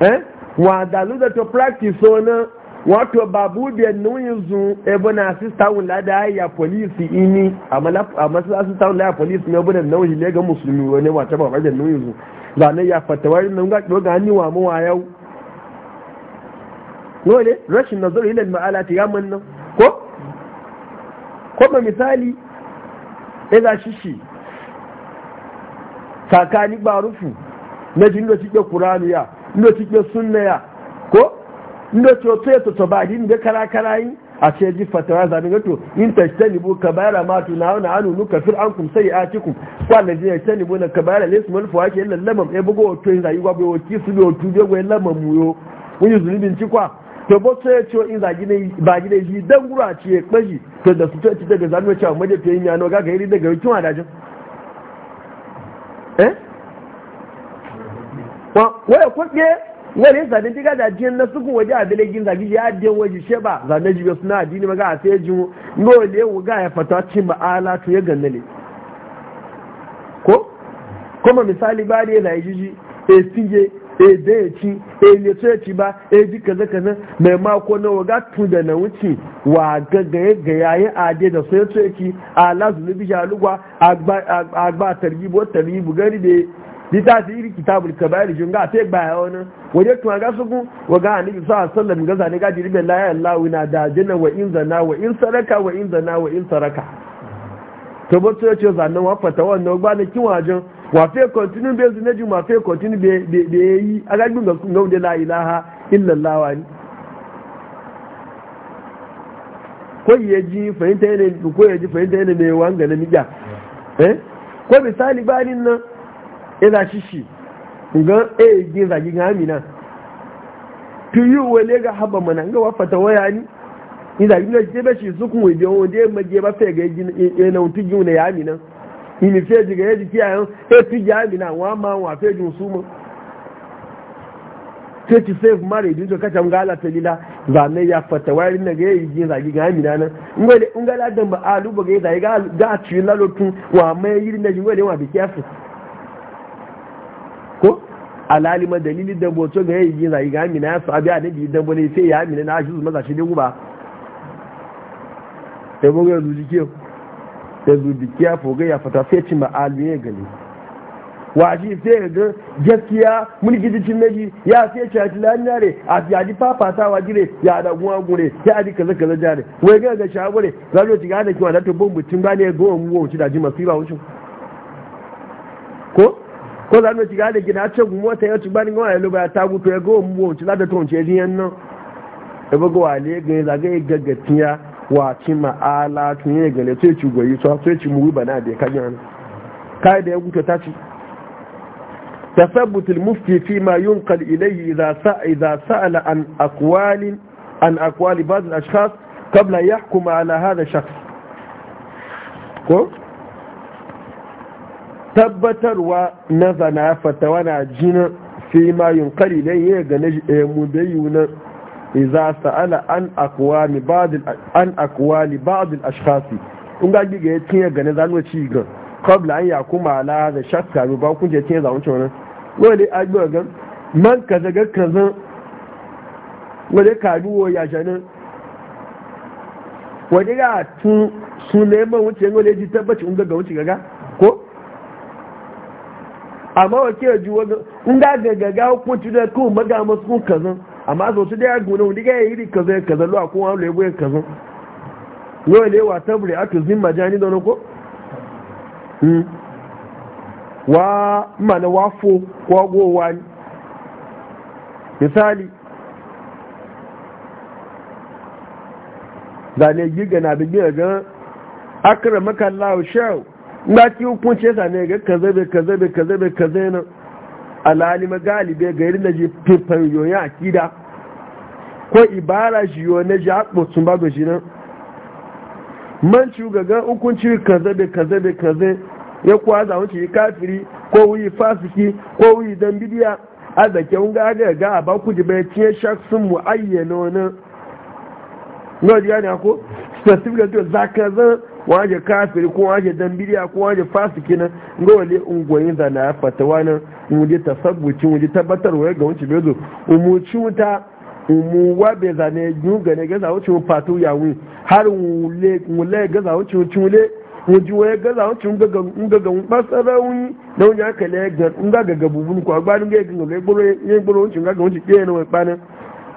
eh wa dalu da to practice so na wato babu biyan nuyin zu ebe eh, na sistawun lada ya polisi ini a masu asista lada ya polisi ne ebe da nauyi ne ga musulmi wani wata ba wajen nuyin zu zane ya fatawar nan ga ɗoga hannu wa mawa yau dole rashin nazar ilal ma'ala ta yaman nan ko ko ba misali ya eh, za shi shi tsakani ba rufu na jin da cike kuraniya da cike sunna ya ko inda to to to to ba din da kara kara yi a ce ji fatawa zabi ga to in ta tajtanibu kabara ma tu tunawna anu nuka fir an sai ankum sayiatikum wala ji tajtanibu na kabara lesu mal fawake illa lamam e bugo to in rayuwa bai woki su do tu be gwe lamam muyo mun yi zulubin cikwa to bo to ya ciwo in zagi ne ba gida shi dan gura ce kpaji to da su to ci daga zanu ce maje da fiyin yano ga gairi daga yakin adajin eh wa waya kwaje wani sadin diga da jiyan na sukun waje a bilegin zagi ya adiyan waje she ba zane jibe suna adini maga a sai jimu no le wuga ya fata cin ma'ala to ya ganna ne ko kuma misali ba da yana jiji e tinge e da ya ci e ne to ya ci ba e ji kaza kaza mai mako na waga tun da na wuce wa gaggaye ga yayin ade da sai ya ci ala zunubi jalugwa agba targibo targibu bugari da littafi iri kitabul kabari jin ga sai baya wani waje kuma ga su wa ga annabi sa'a alaihi wasallam ga gaji ga dirbe la ilaha na da jina wa in zana wa in saraka wa in zana wa in saraka to bo ya ce zanen wa fata wannan gba ne kin wajen wa fe continue be zine ju ma fe continue be be yi aga gbin ga kun ga la ilaha illallah wa ni ko ji fahimta ne ko ji fahimta ne me wanga na mija eh ko misali ba nan ila shishi eh, ga eh ge zagi ga amina to yi wale ga haba mana ga wafata waya ni ida ina je ba shi sukun we biyo wonde ma je ba fe ga e na untu ji ne ya amina ini fe ji ga ya ji ki e tu ji amina wa ma wa fe ji suma ce ti save mare dinto kacha ngala telila za ne ya fata wari na ga yi ji zagi ga amina nan ngole ngala dan ba alu ba ga ga ga ci lalo tun wa mai yiri na jingole wa bi kiasu alalima dalili da boto ga yayi yana ga amina ya sabi annabi dan bane sai ya amina na shi maza shi ne guba sai mun ga zuci ke da zuci ke foga ya fata sai ci ma'alu ya gani wa shi sai ga gaskiya gidi cin naji ya sai ci ati lanyare a ya ji fafata wa gire ya da guwa gure ya ji kaza kaza jare wai ga ga shagure zalo ci ga da wa da to bombutin ba ne go mu wuce da ji masiba wucin ko za mu ci ga da gina ce gumo ta yaci bani ga wayo ba ta gutu ya go mu ci la da ton ce yan nan e ba go wale ga za ga gaggatiya wa ci Ala, tun ya gane ce ci goyi so ce ci mu bana da ka yana kai da ya gutu ta ci fi ma yunqal ilayhi idha sa idha إذا an عن an عن ba'd al ashkhas qabla أن ala hadha shakhs ko tabbatarwa na zana fatawa na jinin fi ma yin yunkari dan yi ga mu bayu na iza sa'ala an akwali ba'd an akwali ba'd al-ashkhas in ga giga ya cinye gane zanu ci gan qabla an yakuma ala da shakka ba kun je cinye zamu ci wannan wani agbo gan man ka kaza ka zan wani kaduwo ya janin wani ga tun su neman wuce wani ji tabbaci in ga wuce gaga ko amma wa ke ji wani in ga gagaga hukunci da kuma maga masu kun kazan amma zo su da ya gona wani ga yi kazan ya kazan luwa kuma wani lagos ya kazan yau ne wa tabri a tuzin majani da wani ko wa mana wafo ko gowa ne misali zane giga na bigiyar gan akira makallawa shau ba ki hukunci ya ne ga kaza bai kaza bai kaza bai kaza yana alalima galibe ga irin da ji fifan a kida ko ibara shi yoyi na ji haɓo sun ba gashi nan man ci gaga hukunci kaza bai kaza bai kaza ya kuwa za wuce yi kafiri ko wuyi fasiki ko wuyi don bidiya a zake un ga ga ga ba ku ji bai tiye shaksun mu ayyana wani no diga ne ko specific to zaka zan waje kafiri ko waje dambiriya ko waje fasiki na ga wale ungoyin da na fatawa na muje tasabbuci muje tabbatarwa ga wuce bezo umuci wuta umuwa zane gun ga ne gaza wuce fatu yawi har wule wule gaza wuce wuce waye gaza wuce na wuce aka le ga nga ga gabubun ko ga gboro wuce nga ga wuce ke na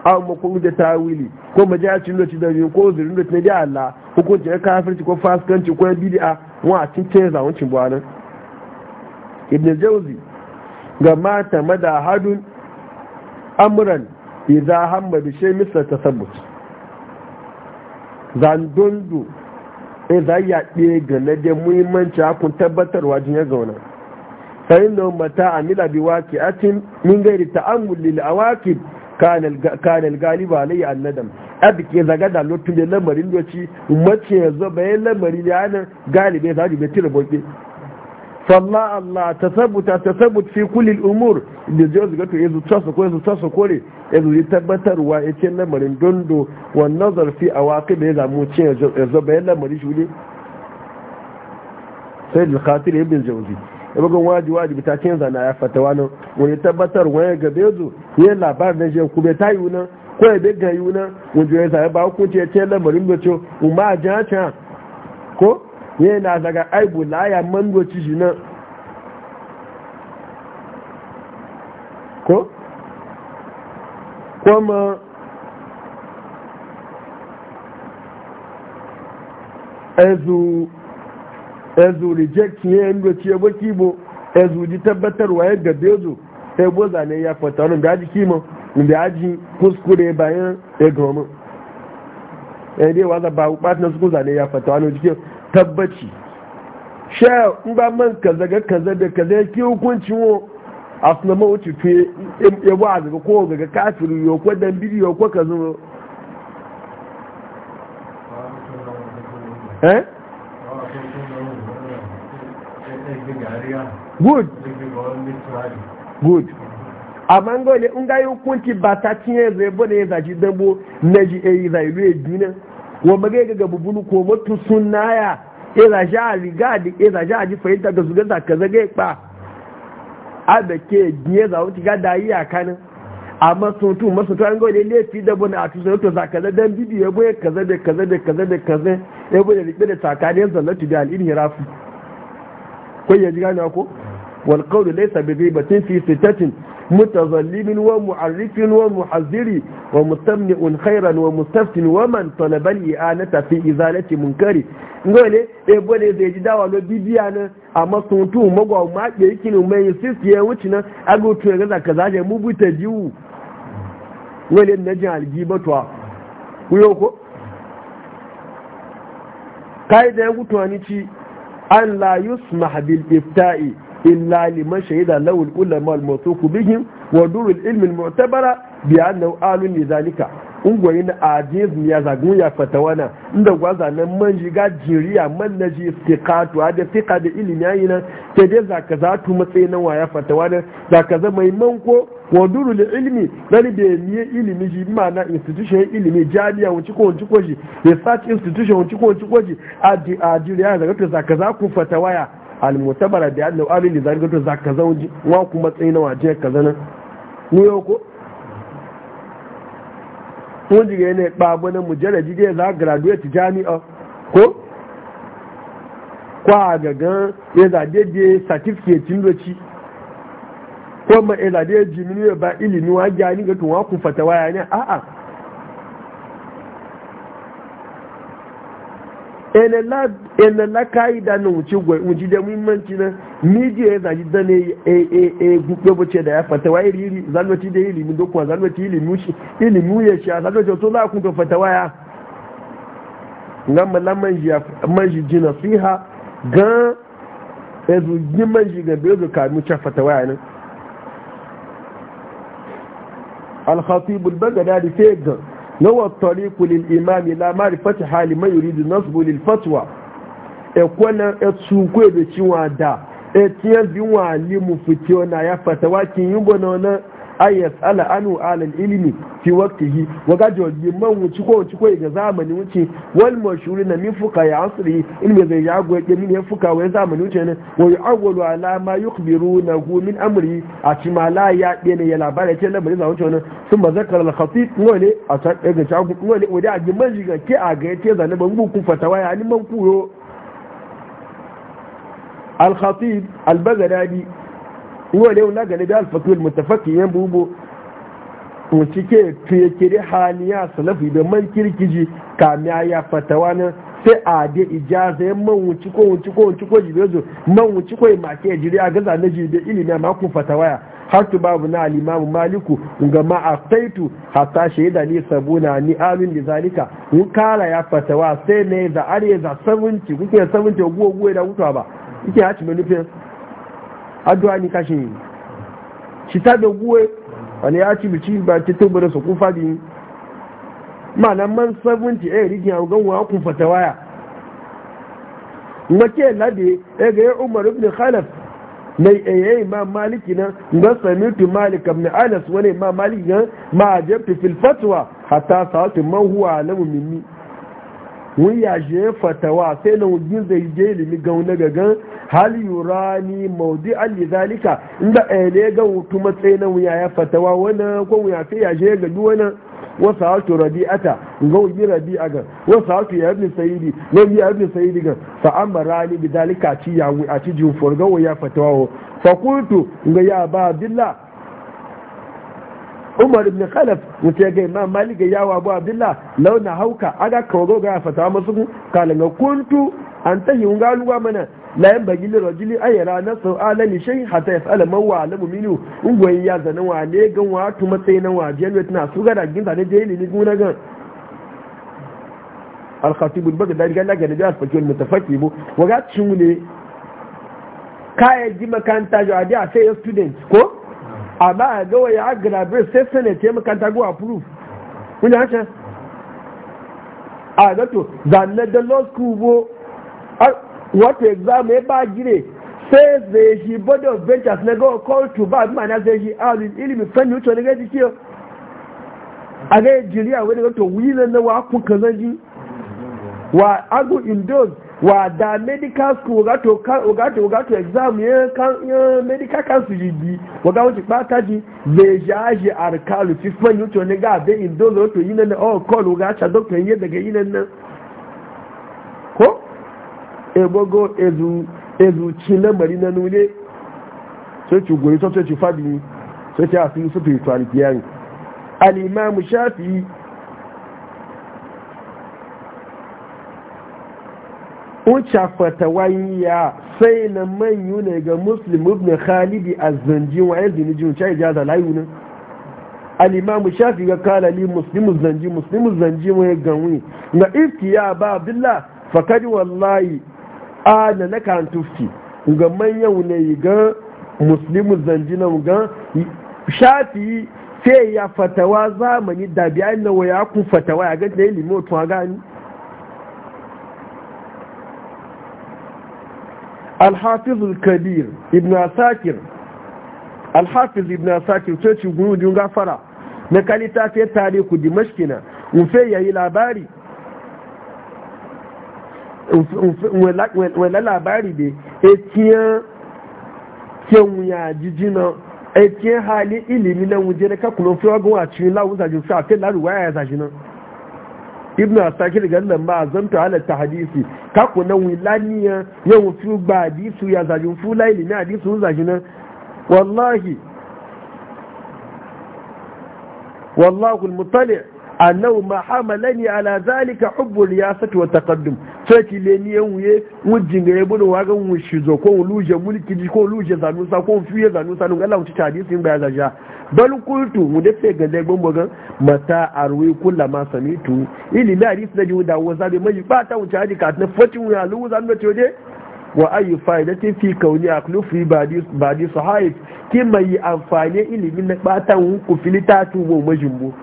aw ma da tawili ko majacin da ci da ko zirin da ci da Allah hukunci ya kafirci ko fasikanci ko bid'a wa a cikin zawancin buwanan ibn jawzi ga mata mada hadun amran idza hamma bi shay misla tasabbut zandundu idza ya ɗe ga na da muhimmanci hakun tabbatarwa jin ya zauna fa inna mata amila bi waqi'atin min gairi ta'ammul lil awaqib Kanal galiba alayya annadam abi ke zaga da lotun da lamarin doci mace ya zo bayan lamari da ana galibe za ji betir boke falla Allah ta ta sabuta fi kulil umur da zai zaga gato yanzu tsasa ko yanzu tsasa kore yanzu yi tabbatarwa ya ce lamarin dondo wa nazar fi waƙi da ya zamu ce ya zo bayan lamari shi ne sai da khatir ibn jawzi bugun waji waji bita cin zana ya fatawa nan wani tabbatar wani gabe zu yi labarin na jiyan kube ta yi nan ko ya bega yi nan wajen ya zaɓa hukunci ya ce lamarin da ce umma a jiya can ko yi na zaga aibu laya mangoci shi nan ko kuma ezu ezu reject ne yin doci ya baki bo ezu ji tabbatarwa ya bezo e zu ya boza ne ya fata wani gaji kima da aji kuskure bayan ya e gama ya e dai waza ba batin su kuza ne ya fata wani jike tabbaci sha in ba man kaza ga kaza da kaza ya ke hukuncin wo a suna ma wuce fiye ya bu a zaga ko ga ya yau ko dan bidiyo ko kazo eh good good amma gole in ga hukunci ba ta cinye zai bane zaji dambo na ji eyi zai ruwe juna wa maga ga gabu bunu ko mutu sunaya e, e za ja riga da e za ja ji fahimta ga su gaza ka zage ba a da ke biye za wuce ga dayi a kanin amma sun tu masu tuwa gole ne fi da bane a tusa to za kaza dan bidiyo ya boye kaza da kaza da kaza da kaza ya boye da tsakanin zalatu da al'in hirafu ko ya ji gane ko wal qawlu laysa bi ghibatin fi sittatin mutazallibin wa mu'arrifin wa muhazziri wa mustamni'un khairan wa mustaftin wa man talaba al-i'anata fi izalati munkari ngole e bone zai ji dawa lo bibiya na amma sun tu magwa ma ke yikinu mai sisi ya wuce nan ago tu ga zaka zaje mu buta jiwu ngole na jin algibatwa kuyo ko kai da ya gutuwa ni ci an la yusmah bil ifta'i إلا لمن شهد lawul ulama al-mawsufu bihim wa durul ilmi al-mu'tabara bi annahu alun li zalika na ya zagun ya fatawana inda gwaza nan man jiga jiriya man na ji fiqatu da fika da ilimi yayi nan ta dai zaka za tu matsayi nan waya fatawana zaka za mai manko wa ilimi ilmi dan da ni ilimi ji mana institution ilimi jami'a wuci ko wuci ko ji research institution wuci ko wuci ko ji a jiriya zaka to zaka za ku fatawaya almutabara da yadda wani da zan gato za ka zaunji wa kuma tsaye na waje ka zana ni yau ko mun jiga ne babu na mujallaji da za graduate jami'a ko kwa gagan ya zade da certificate lokaci ko ma ya zade jimini ba ilimi wa gani ga tun wa ku fatawa ya ne a'a elela da na wuce gwai, wuce da muhimmanci na miji ya zaji dan e, e, e gugbe da ya fatawa iri iri zalwaci da ilimi dokuwa zalwaci ilimi shi ilimi ya shi sha zalwaci wato za a kunta fatawa ya ngamma la manji ji fiha, ga ezu ji manji ga bezu ka mu cha fatawa ya nan al-khatib al-baghdadi sai ga nawa tariku lil imami la ma'rifati hali man yuridu nasbu lil fatwa e kwana e da ciwa da e tiyan biwa na ya fatawa kin yi gona an tsala anu alal ilimi fi waktihi wa ga jawabi man wuci ko wuci ko ga zamani wuce wal mashhuri na min fuka ya asri in zai ya goye min ya fuka wai zamani wuce ne wa awwalu ala ma hu min amri a ci ma la ya dena ya labara ce lamarin zamani wuce ne sun ba zakar al khatib ngole a ta ga jagu ngole wadi a jimman jiga ke a ga yace zane ban ku fatawa ya ni man kuro al khatib al bagdadi wale wula ga da alfatul mutafaki yan bubu mu cike kire haliya salafi da man kirkiji kamiya ya fatawa na sai a da ijaza yan man wuci ko wuci ko wuci ko jibezo zo man wuci ko ma ke jiri a gaza na jibe ilimi ma ku fatawaya har tu babu na alimamu maliku ga ma a taitu hatta shaida ne sabuna ni amin da zalika in kala ya fatawa sai ne za are za 70 kuke 70 guwa guwa da mutuwa ba kuke haci manufin addu'a ni kashe shi ta da guwe wani ya ci bici ba ta tubura su kufa di ma'anan man sabunci eh rikin a gan wa kun fata waya nake lade ya ga umaru ibn khalaf mai eye ma maliki nan ga samitu malika, ibn anas wani ma maliki nan ma ajabtu fil a ta sa'atu man huwa alamu minni mun ya fatawa sai na wujin zai je ilimi ga wani gagan hal yurani maudi alli zalika inda eh, ne ga wutu matsayi na wuya ya fatawa wani ko wuya sai ya je ga wani wasu hatu rabi'ata ga wuyi rabi'a ga wasu hatu ya ibn sayidi na yi ibn sayidi ga fa amara ni bi zalika ci ya a ci jin furga wuya fatawa fa fakultu ga ya ba billa. umar ibn khalaf wuce ga imam malik ga yawa abu abdullah launa hauka aga kawo ga fatawa masu kalanga ga kuntu an tahi unga mana la yan bagi li rajuli an yara na sau alami shai hata ya tsala man wa alamu minu ungoyi ya zana wa ne gan wa tu matsayi na wa jiyar wata na su gada ginta ne jeli ni guna gan alkhatibu bagdad ga daga da jihar fakiyar mutafaki bu waga cin ne kayan ji makanta jo adi a sai student ko amma a gawa ya graduate sai senate ya makanta go approve kun ji a zato zanne da law school bo wata exam ya ba gire sai zai shi board of ventures na go! call to ba bi mana zai shi alin ilimin fanni wuce wani gaji kiyo a ga jiriya wani wato wizan na wa kun ka wa agu indoors wa da medical school gato gato gato exam ya kan ya medical council yi wa ga wuce bata ji zai jaji arkalu fi fanni wuce wani ga be indoors wato yi nan na all call ga cha doctor yi daga yi nan ko ebogo ezuci lamari na nule sai ci goyi sai ci fadi ci asiru spirituality yani al'imamu shafi Uca fatawayya sai na manyu ne ga Muslim ibn Khalidi az-Zanji wa yazini jin cha ijaza layu ne al Shafi ga kala li Muslim zanji Muslim zanji wa ganwi na ba Abdullah fakad wallahi a da na kan tufki ga manyan ne ga muslimu zanjina ga shafi sai ya fatawa zamani da biya na waya ku fatawa ya ga da ilimi otu gani الحافظ الكبير ابن ساكر الحافظ ابن ساكر تشي غنودي غفرا نكالي تافي تاريخ دمشقنا وفي يا الى باري wela labari da etiyan etiyan hali ilimi na wuje na ogun a cikin a fi laruwa ya zaji nan ibn asakir zanta halatta hadisi kakunan wilaniya yawon fi gba hadisu ya zaji fula ilimi hadisu zaji nan wallahi mutali annahu ma hamalani ala zalika hubbu riyasati wa taqaddum sai ki le ni enwe wujin ga wa ga waga zo ko luje mulki ko luje sa ko fiye sa no Allah wuce hadisin ba za ja bal qultu mu dace ga le gombo ga mata arwi ma samitu ili la hadis da juda wa zabe mai ba ta wuce hadi ka na fati mu ya lu zan da tode wa ayi faidatin fi kauni aklufi ba badi sahayif ki mai amfani ilimin na batan ku filita tu mu majimbo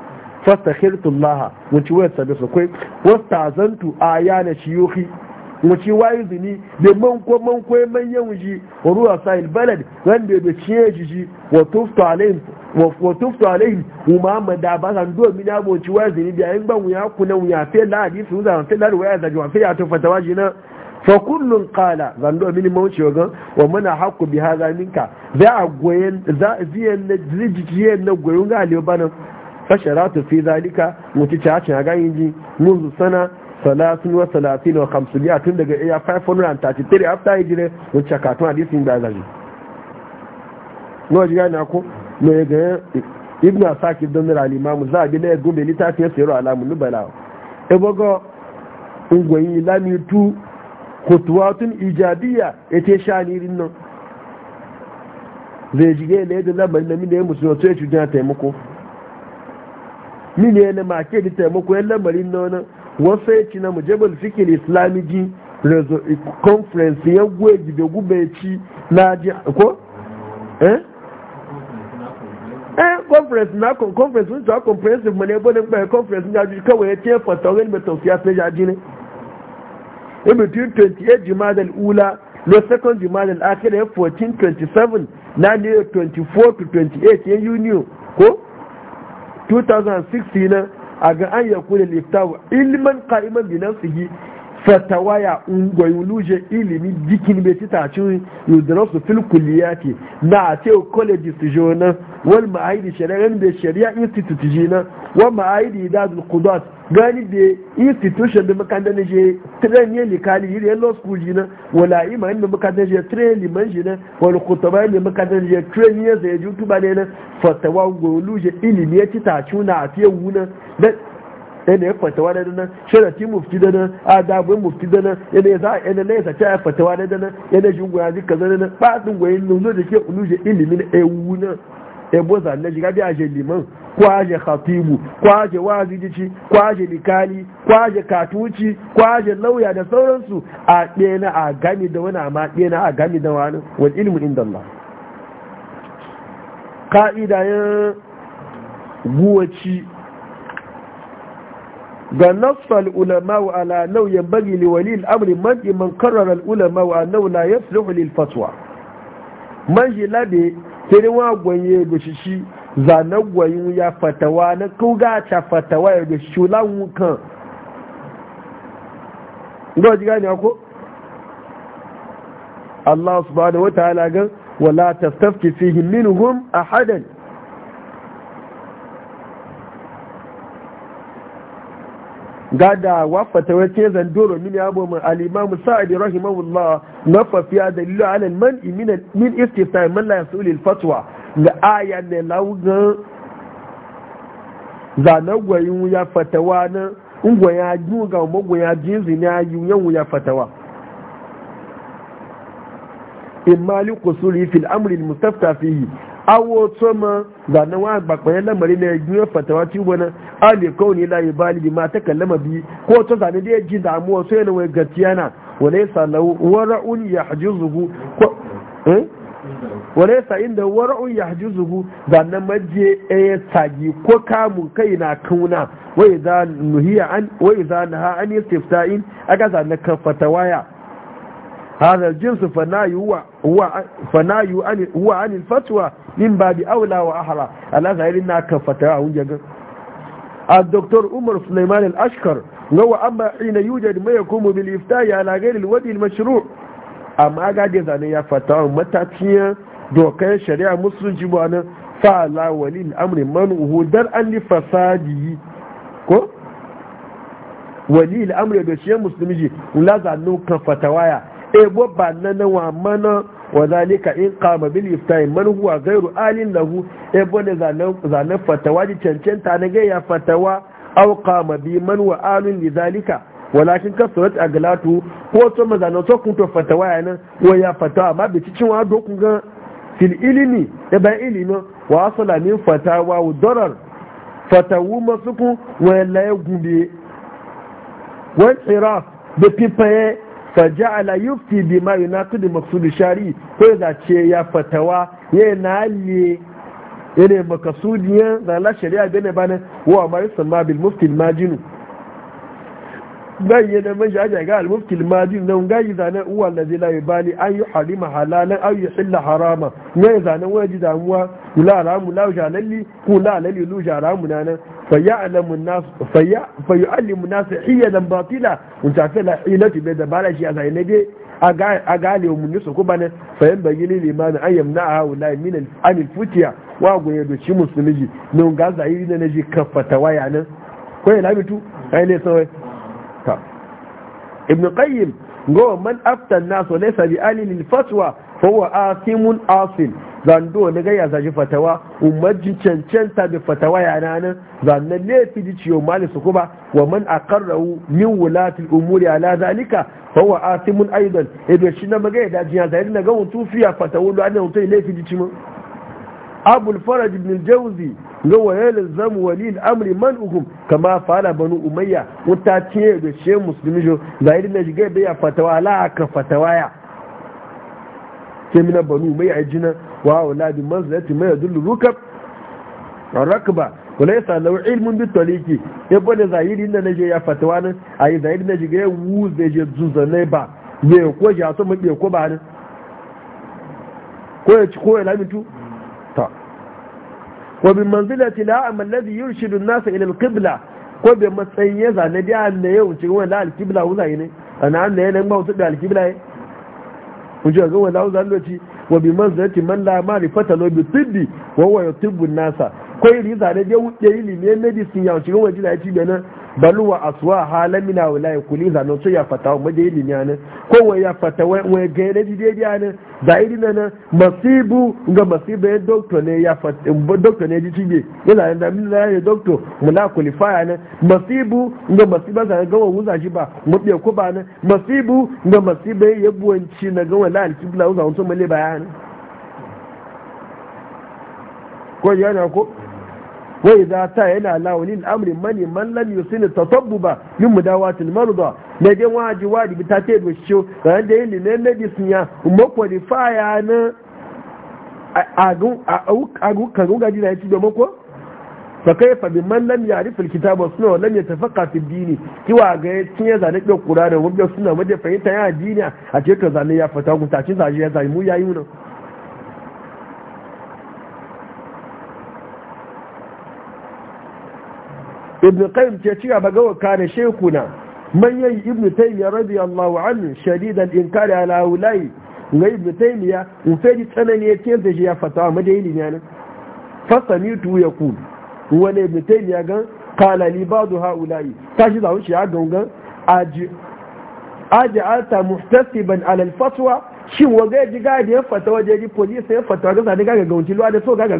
fastakhirtu Allah wuci wayar sabi su kai wastazantu ayana shiyuhi wuci wayu zini da man ko man ko man wuji wa ruwa sahil balad wanda da ciye jiji wa tuftu alaihim wa tuftu alaihim umma mada ba san do mi na bo ci wayu zini da yin ban wuya kuna ya fe la hadisi da fe la riwaya da jawafi ya to fatawaji na fa kullun qala zan do mini mun ci wagan wa muna haku bi hadha minka za a goyen za ziyan na jiji na goyen ga aliyo fasharatu fi zalika mutu cacin a ganin ji munzu sana salasin wa salasin wa kamsuliya tun daga iya 533 after hijira wuce katun hadisin da zaji nawa ji gani ako no ya gani ibn asaki don nira alimamu za a bi na ya gobe littafin sayarwa alamun nubala ebogo ungwayi lamitu kutuwatun ijabiyya ya ce shanirin nan zai jige ne da lamarin na mina ya musulun sai cuta taimako mini ne ma ke da taimako yan lamarin na wani wasu ya ci na mujabal fikir islami ji conference ya gwe gibe gube ci na ji ko eh eh conference na conference sun ta comprehensive mane gwanin bai conference ya ji kawai ya ce fatawar mai tafiya sai ya ji ne in between 28 jimadal ula no second jimadal akira 1427 na ne 24 to 28 yan union ko 2006 na a ga an kula da liftawa ilimin ka'iman binafsihi fatawaya ungwayin luje ilimi jikin bai ci tacin yudura su fil kuliyati na a ce college su jona wal ma'aidi shari'a bai shari'a institute jina wal ma'aidi idadul qudat gani da institution da makarantar da je train ne likali yi da law school ji na wala ima ne makarantar je train liman ji na wala kutuba ne makarantar je train ne zai ji tuba ne na fatawa golu je ilimi ya ci ta cuna a fiye wuna yana ya fatawa da dana sharati mufti da nan adabin mufti da nan yana ya za a yana na yasa ta fatawa da dana yana jingoya zika zana na ba a tsungoyin nuno da ke ulu je ilimi e na ewu na ebo zanne shiga gabi aje liman ko aje khatibu ko aje wazidici ko aje likali ko aje katuci ko aje lauya da sauransu a ɗena a gami da wani amma ɗena a gami da wani wani ilmu inda Allah ka'idayen guwaci ga nasfal ulama wa ala nau bagi li wali al'amri man man karrar al'ulama wa annau la yasluhu lil fatwa man ji labe sai wa gwanye da shi shi zane ya fatawa na kuga ta fatawa ya da shi lan wukan ga ji gani ko Allah subhanahu wa ta'ala gan wala tastafti a minhum ahadan gada wafata zan doro min ya bo min al-imam sa'id rahimahullah nafafiya dalilu ala man min min istisna man la yasul al-fatwa ga aya ne lawgan zanagwayin ya fatawa na ungwa ya juga magwa ya jinzi na ayu yan ya fatawa in mali qusuli fil amri al-mustafta fihi awo ma da na wa bakwa ya lamari na yin fatawa ci wani ali kauni la yi bali bi ma ta kallama bi ko to zane da ya ji damuwa so yana wai gaciya na walaysa lahu wara'un yahjuzuhu ko eh walaysa inda wara'un yahjuzuhu da na maje eh tagi ko kamun kai na kauna wa idza nuhiya an wa idza naha an istifta'in aka zane kan waya هذا الجنس فنايو هو فنايو عن هو عن الفتوى min ba bi aula wa ahla alaza yin na ka fatara hunja ga a doktor umar suleiman al-ashkar nawa amma ina yujad ma yakum bil iftai ala ghayr al wadi al mashru' amma ga da zane ya fatawa matatiya dokar shari'a musulunci ba nan fa la walil amri man uhudar an li fasadi ko walil amri da shi musulmi ji ulaza nu ka fatawa e bo ba nan wa mana Wazalika in kama bil iftai man huwa ghairu alin lahu e bone zanan fatawa ji cancanta na ga ya fatawa aw kama bi man wa alin li walakin kasurat aglatu ko to mazanan to kun to fatawa yana wa ya fatawa ma bi cikin wa dokun ga fil ilimi e ba ilimi wa asala min fatawa wa darar fatawu masuku wa la gumbe wa tsira da pipaye faja'ala yufti bima yunaqidu maqsud shari ko da ce ya fatawa ya nali yana makasudiya da la shari'a bane bane wa ma yusamma bil mufti al majinu gayi da man jaja ga al mufti al majinu nan gayi zanan uwa allazi la yubali an yuharima halalan aw yuhilla harama ne zanan waji damuwa la haramu la jalalli ku la lalli lu jaramu nan fayyalimu nasu hiyalan batila wunta la hilatu bai da shi a zai na dai a gane wa mun nisa kuma ne fayan bayyani limani an yamna a hau lai min anil futiya wa goye da shi musulmi ji na ga zai na ji kafata waya nan ko labitu ai ta ibn qayyim go man aftan nasu laysa bi alil fatwa fa huwa asimun asil zando na gaya za shi fatawa umarji cancanta da fatawa yana nan zanna laifi da ciyo mali su kuma wa man aqarrahu min wulatul umuri ala zalika fa huwa asimun aidan idan shi na magai da jiya zai na ga mutu fiya fatawu da annan mutu laifi da ciyo abul faraj ibn al-jawzi ga wayal zam wali amri man uhum kama fala banu umayya wata ce da she muslimi jo zai na jiga da ya fatawa la ka ya ke mina banu umayya jina wa auladi manzilati mai yadullu rukab rakba kula yasa lau ilmin bi toliki ebo da zahiri na naje ya fatawa nan a yi zahiri na jiga ya wuze je zuzane ba ya ko ya so mu ko ba nan ko ya ci ko ya lamitu ta wa bi manzilati la amal ladhi yurshidu an-nas ila al-qibla ko bi matsayin ya zane da an ne yau cikin wannan al-qibla wuza ne ana an ne nan ba wuta da al-qibla ne kun ga wala zan lokaci wa bi manzati man la ma rifata lo bi tiddi wa huwa yutibu nasa ko iri zare je wuce ilimi medicine ya ci ga da ya ci baluwa aswa halamina wala ya kuli zano to ya fatawa maje yi ne ko wa ya fatawa wa ga ne dide ya ne da iri na na masibu ga masibu ya doctor ne ya fatawa doctor ne ji tibe yana da min na ya doctor mula qualify ne masibu ga masiba za ga wuza shi ba mu biya ko ba ne masibu ga masiba ya buwanci na ga wala alkibla wuza mu male bayani ko yana ko wai za ta yana lawalin amrin mani man lam yusil tatabbuba min mudawatil marda na dai waji wadi bi ta te do shi ran da yin ne ne disnya mo qualify na agun agun kan ga dina ci domin ko fa kaifa bi man lam ya'rif alkitaba wa sunna wa lam yatafaqqa fi dini kiwa ga tinye zane da qur'ani wa sunna mu da fahimta ya dini a ce ka zane ya fata gutacin zaje ya zai mu yayi mu ibn qayyim ce ci gaba ga wakana shekuna man yayi ibn taymiya radiyallahu anhu shadidan inkari ala ulai ga ibn taymiya in sai ji tsanani ya ce da ya fatawa madaili ne fa samitu yaqul wani ibn taymiya ga qala li ba'du haula'i tashi zawo shi ya ganga aji aj'alta muhtasiban ala al-fatwa shin waga ya ji gadi ya fata waje ji polisi ya fata ga sani ga ga gaunci luwa da so ga ga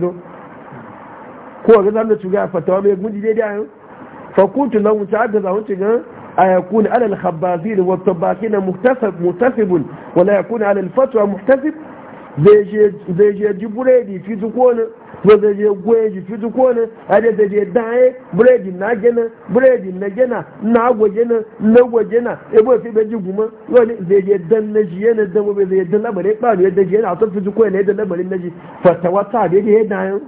ko ga zan da tuga fata mai gudu daidai a fakuntu lahu ta ga zawo ci gan a yakuni alal khabazin wa tabakina muhtasibun wa la yakuni alal fatwa muhtasib zai je ji fi tukonin zai je goye fi tukonin a da zai je daye buredi na gina buredi na gina na gwaje na na gwaje na e fi beji guma wani zai je dan na yana zai je ba da yana a fi tukonin ta da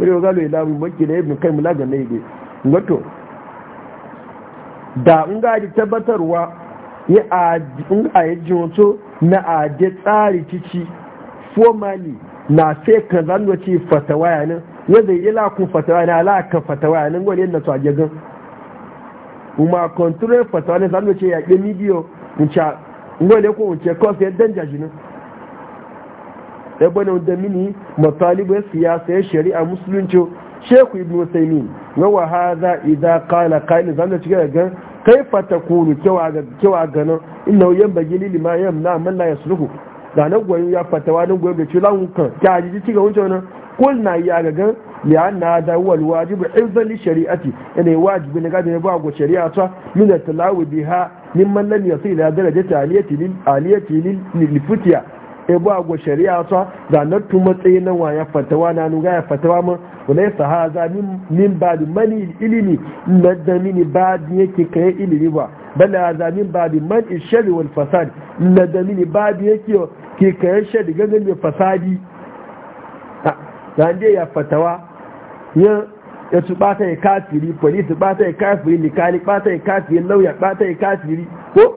wani galo damu maki da yabin kai mulaga na yabe wato da in ga ji tabbatarwa ya a yi wato na aje tsari cici formally na sai ka zanwa ce fatawa yanin yadda yi lakun fatawa na alaka fatawa yanin gwani yadda su a gaggan kuma kontrol fatawa ne zanwa ce ya ƙi midiyo in ce gwani ko in ce dan jajinin ya da mini matalibu siyasa ya shari'a musulunci sheku ibn usaimin na wa haza idza qala qa'il zan da cike ga kaifa takunu kewa ga kewa ganin inna yan bagili lima na man la yasluhu da nan goyin ya fatawa nan goyin da ci lan kan ta ji ci ga wancan kul na ya ga gan ya na da wal wajibu hifzan li shari'ati ina wajibi ne ga da ba go shari'a ta min talawi biha man lam yasi ila darajati aliyati lil aliyati lil futiya ba go shari'a ta da na tu matsayi na wa ya fatawa na nuga ya fatawa mun wala sa haza min ba da mani ilimi na da mini ba da yake kai ilimi ba bala haza min ba da man ishari wal fasad na da mini ba da yake ke kai shari gangan ne fasadi da ndai ya fatawa ya ya su bata ya kafiri police bata ya kafiri likali bata ya kafiri lauya bata ya kafiri ko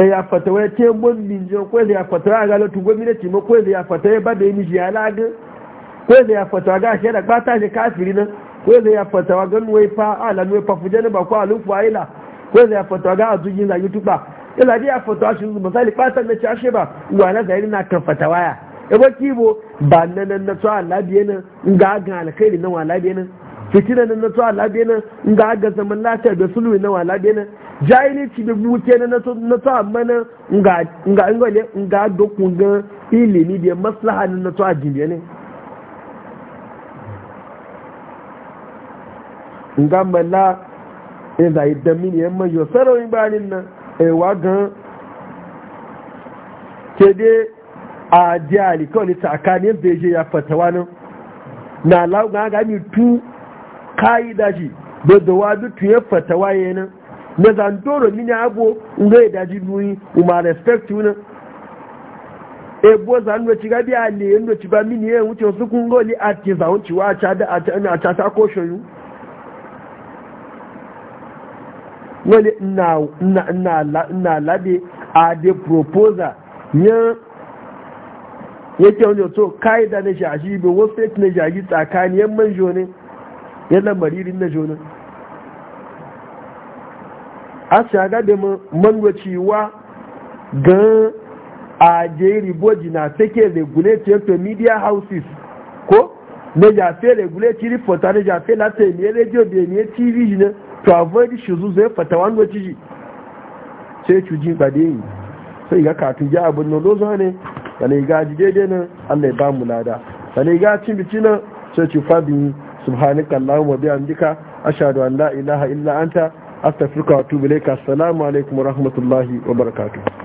ya fata wai ce gwamnin jin kwai da ya fata ya ga latu gwamnati ma kwai da ya fata ya ba ya lagin ya ga shi da bata shi kafiri nan kwai ya fata ala pa ba kwa ya fata ga azujin la yutuba ila da ya fata shi misali bata na zairi na kan ba kibo ba nan nan na tsawa labiye nan ga ga alkhairi fitina na jahilci da buke na na to amma na nga nga ngole nga dokun ga ilimi da maslaha na to ajibe ne nga mala e da idamini e ma yo sero na e wa gan kede a ji alikoli tsakanin da je ya fatawa nan na lagun aga mi tu daji da da wa dutu ya fatawa na. na zantoro mini abuo nga idaji buyi uma respect una ebo za ndo chiga bi ale ndo chiba mini e wuce su kun goli ati za wuce wa cha da ati na cha ta ko shoyu wale na na na na labe a de proposal ya yake wani to kaida na shashi bi wasu ne jagi tsakani yan manjo ne yan lamaririn na jonin a ci aga da manwaciwa gan a jeri boji na take regulate to media houses ko na jafe regulate reporter na jafe lati emiye radio da emiye tv ne to avoid shizu zai e fata wanda ciji sai cuji ba da yi sai ga katun ja abin na lozo ne sanai ga ji daidai nan allah ya ba mu lada sanai ga cin bici nan sai ci fadi subhanakallahumma bihamdika ashhadu an la ilaha illa anta astaghfiruka wa atubu ilaika assalamu alaikum wa rahmatullahi wa barakatuh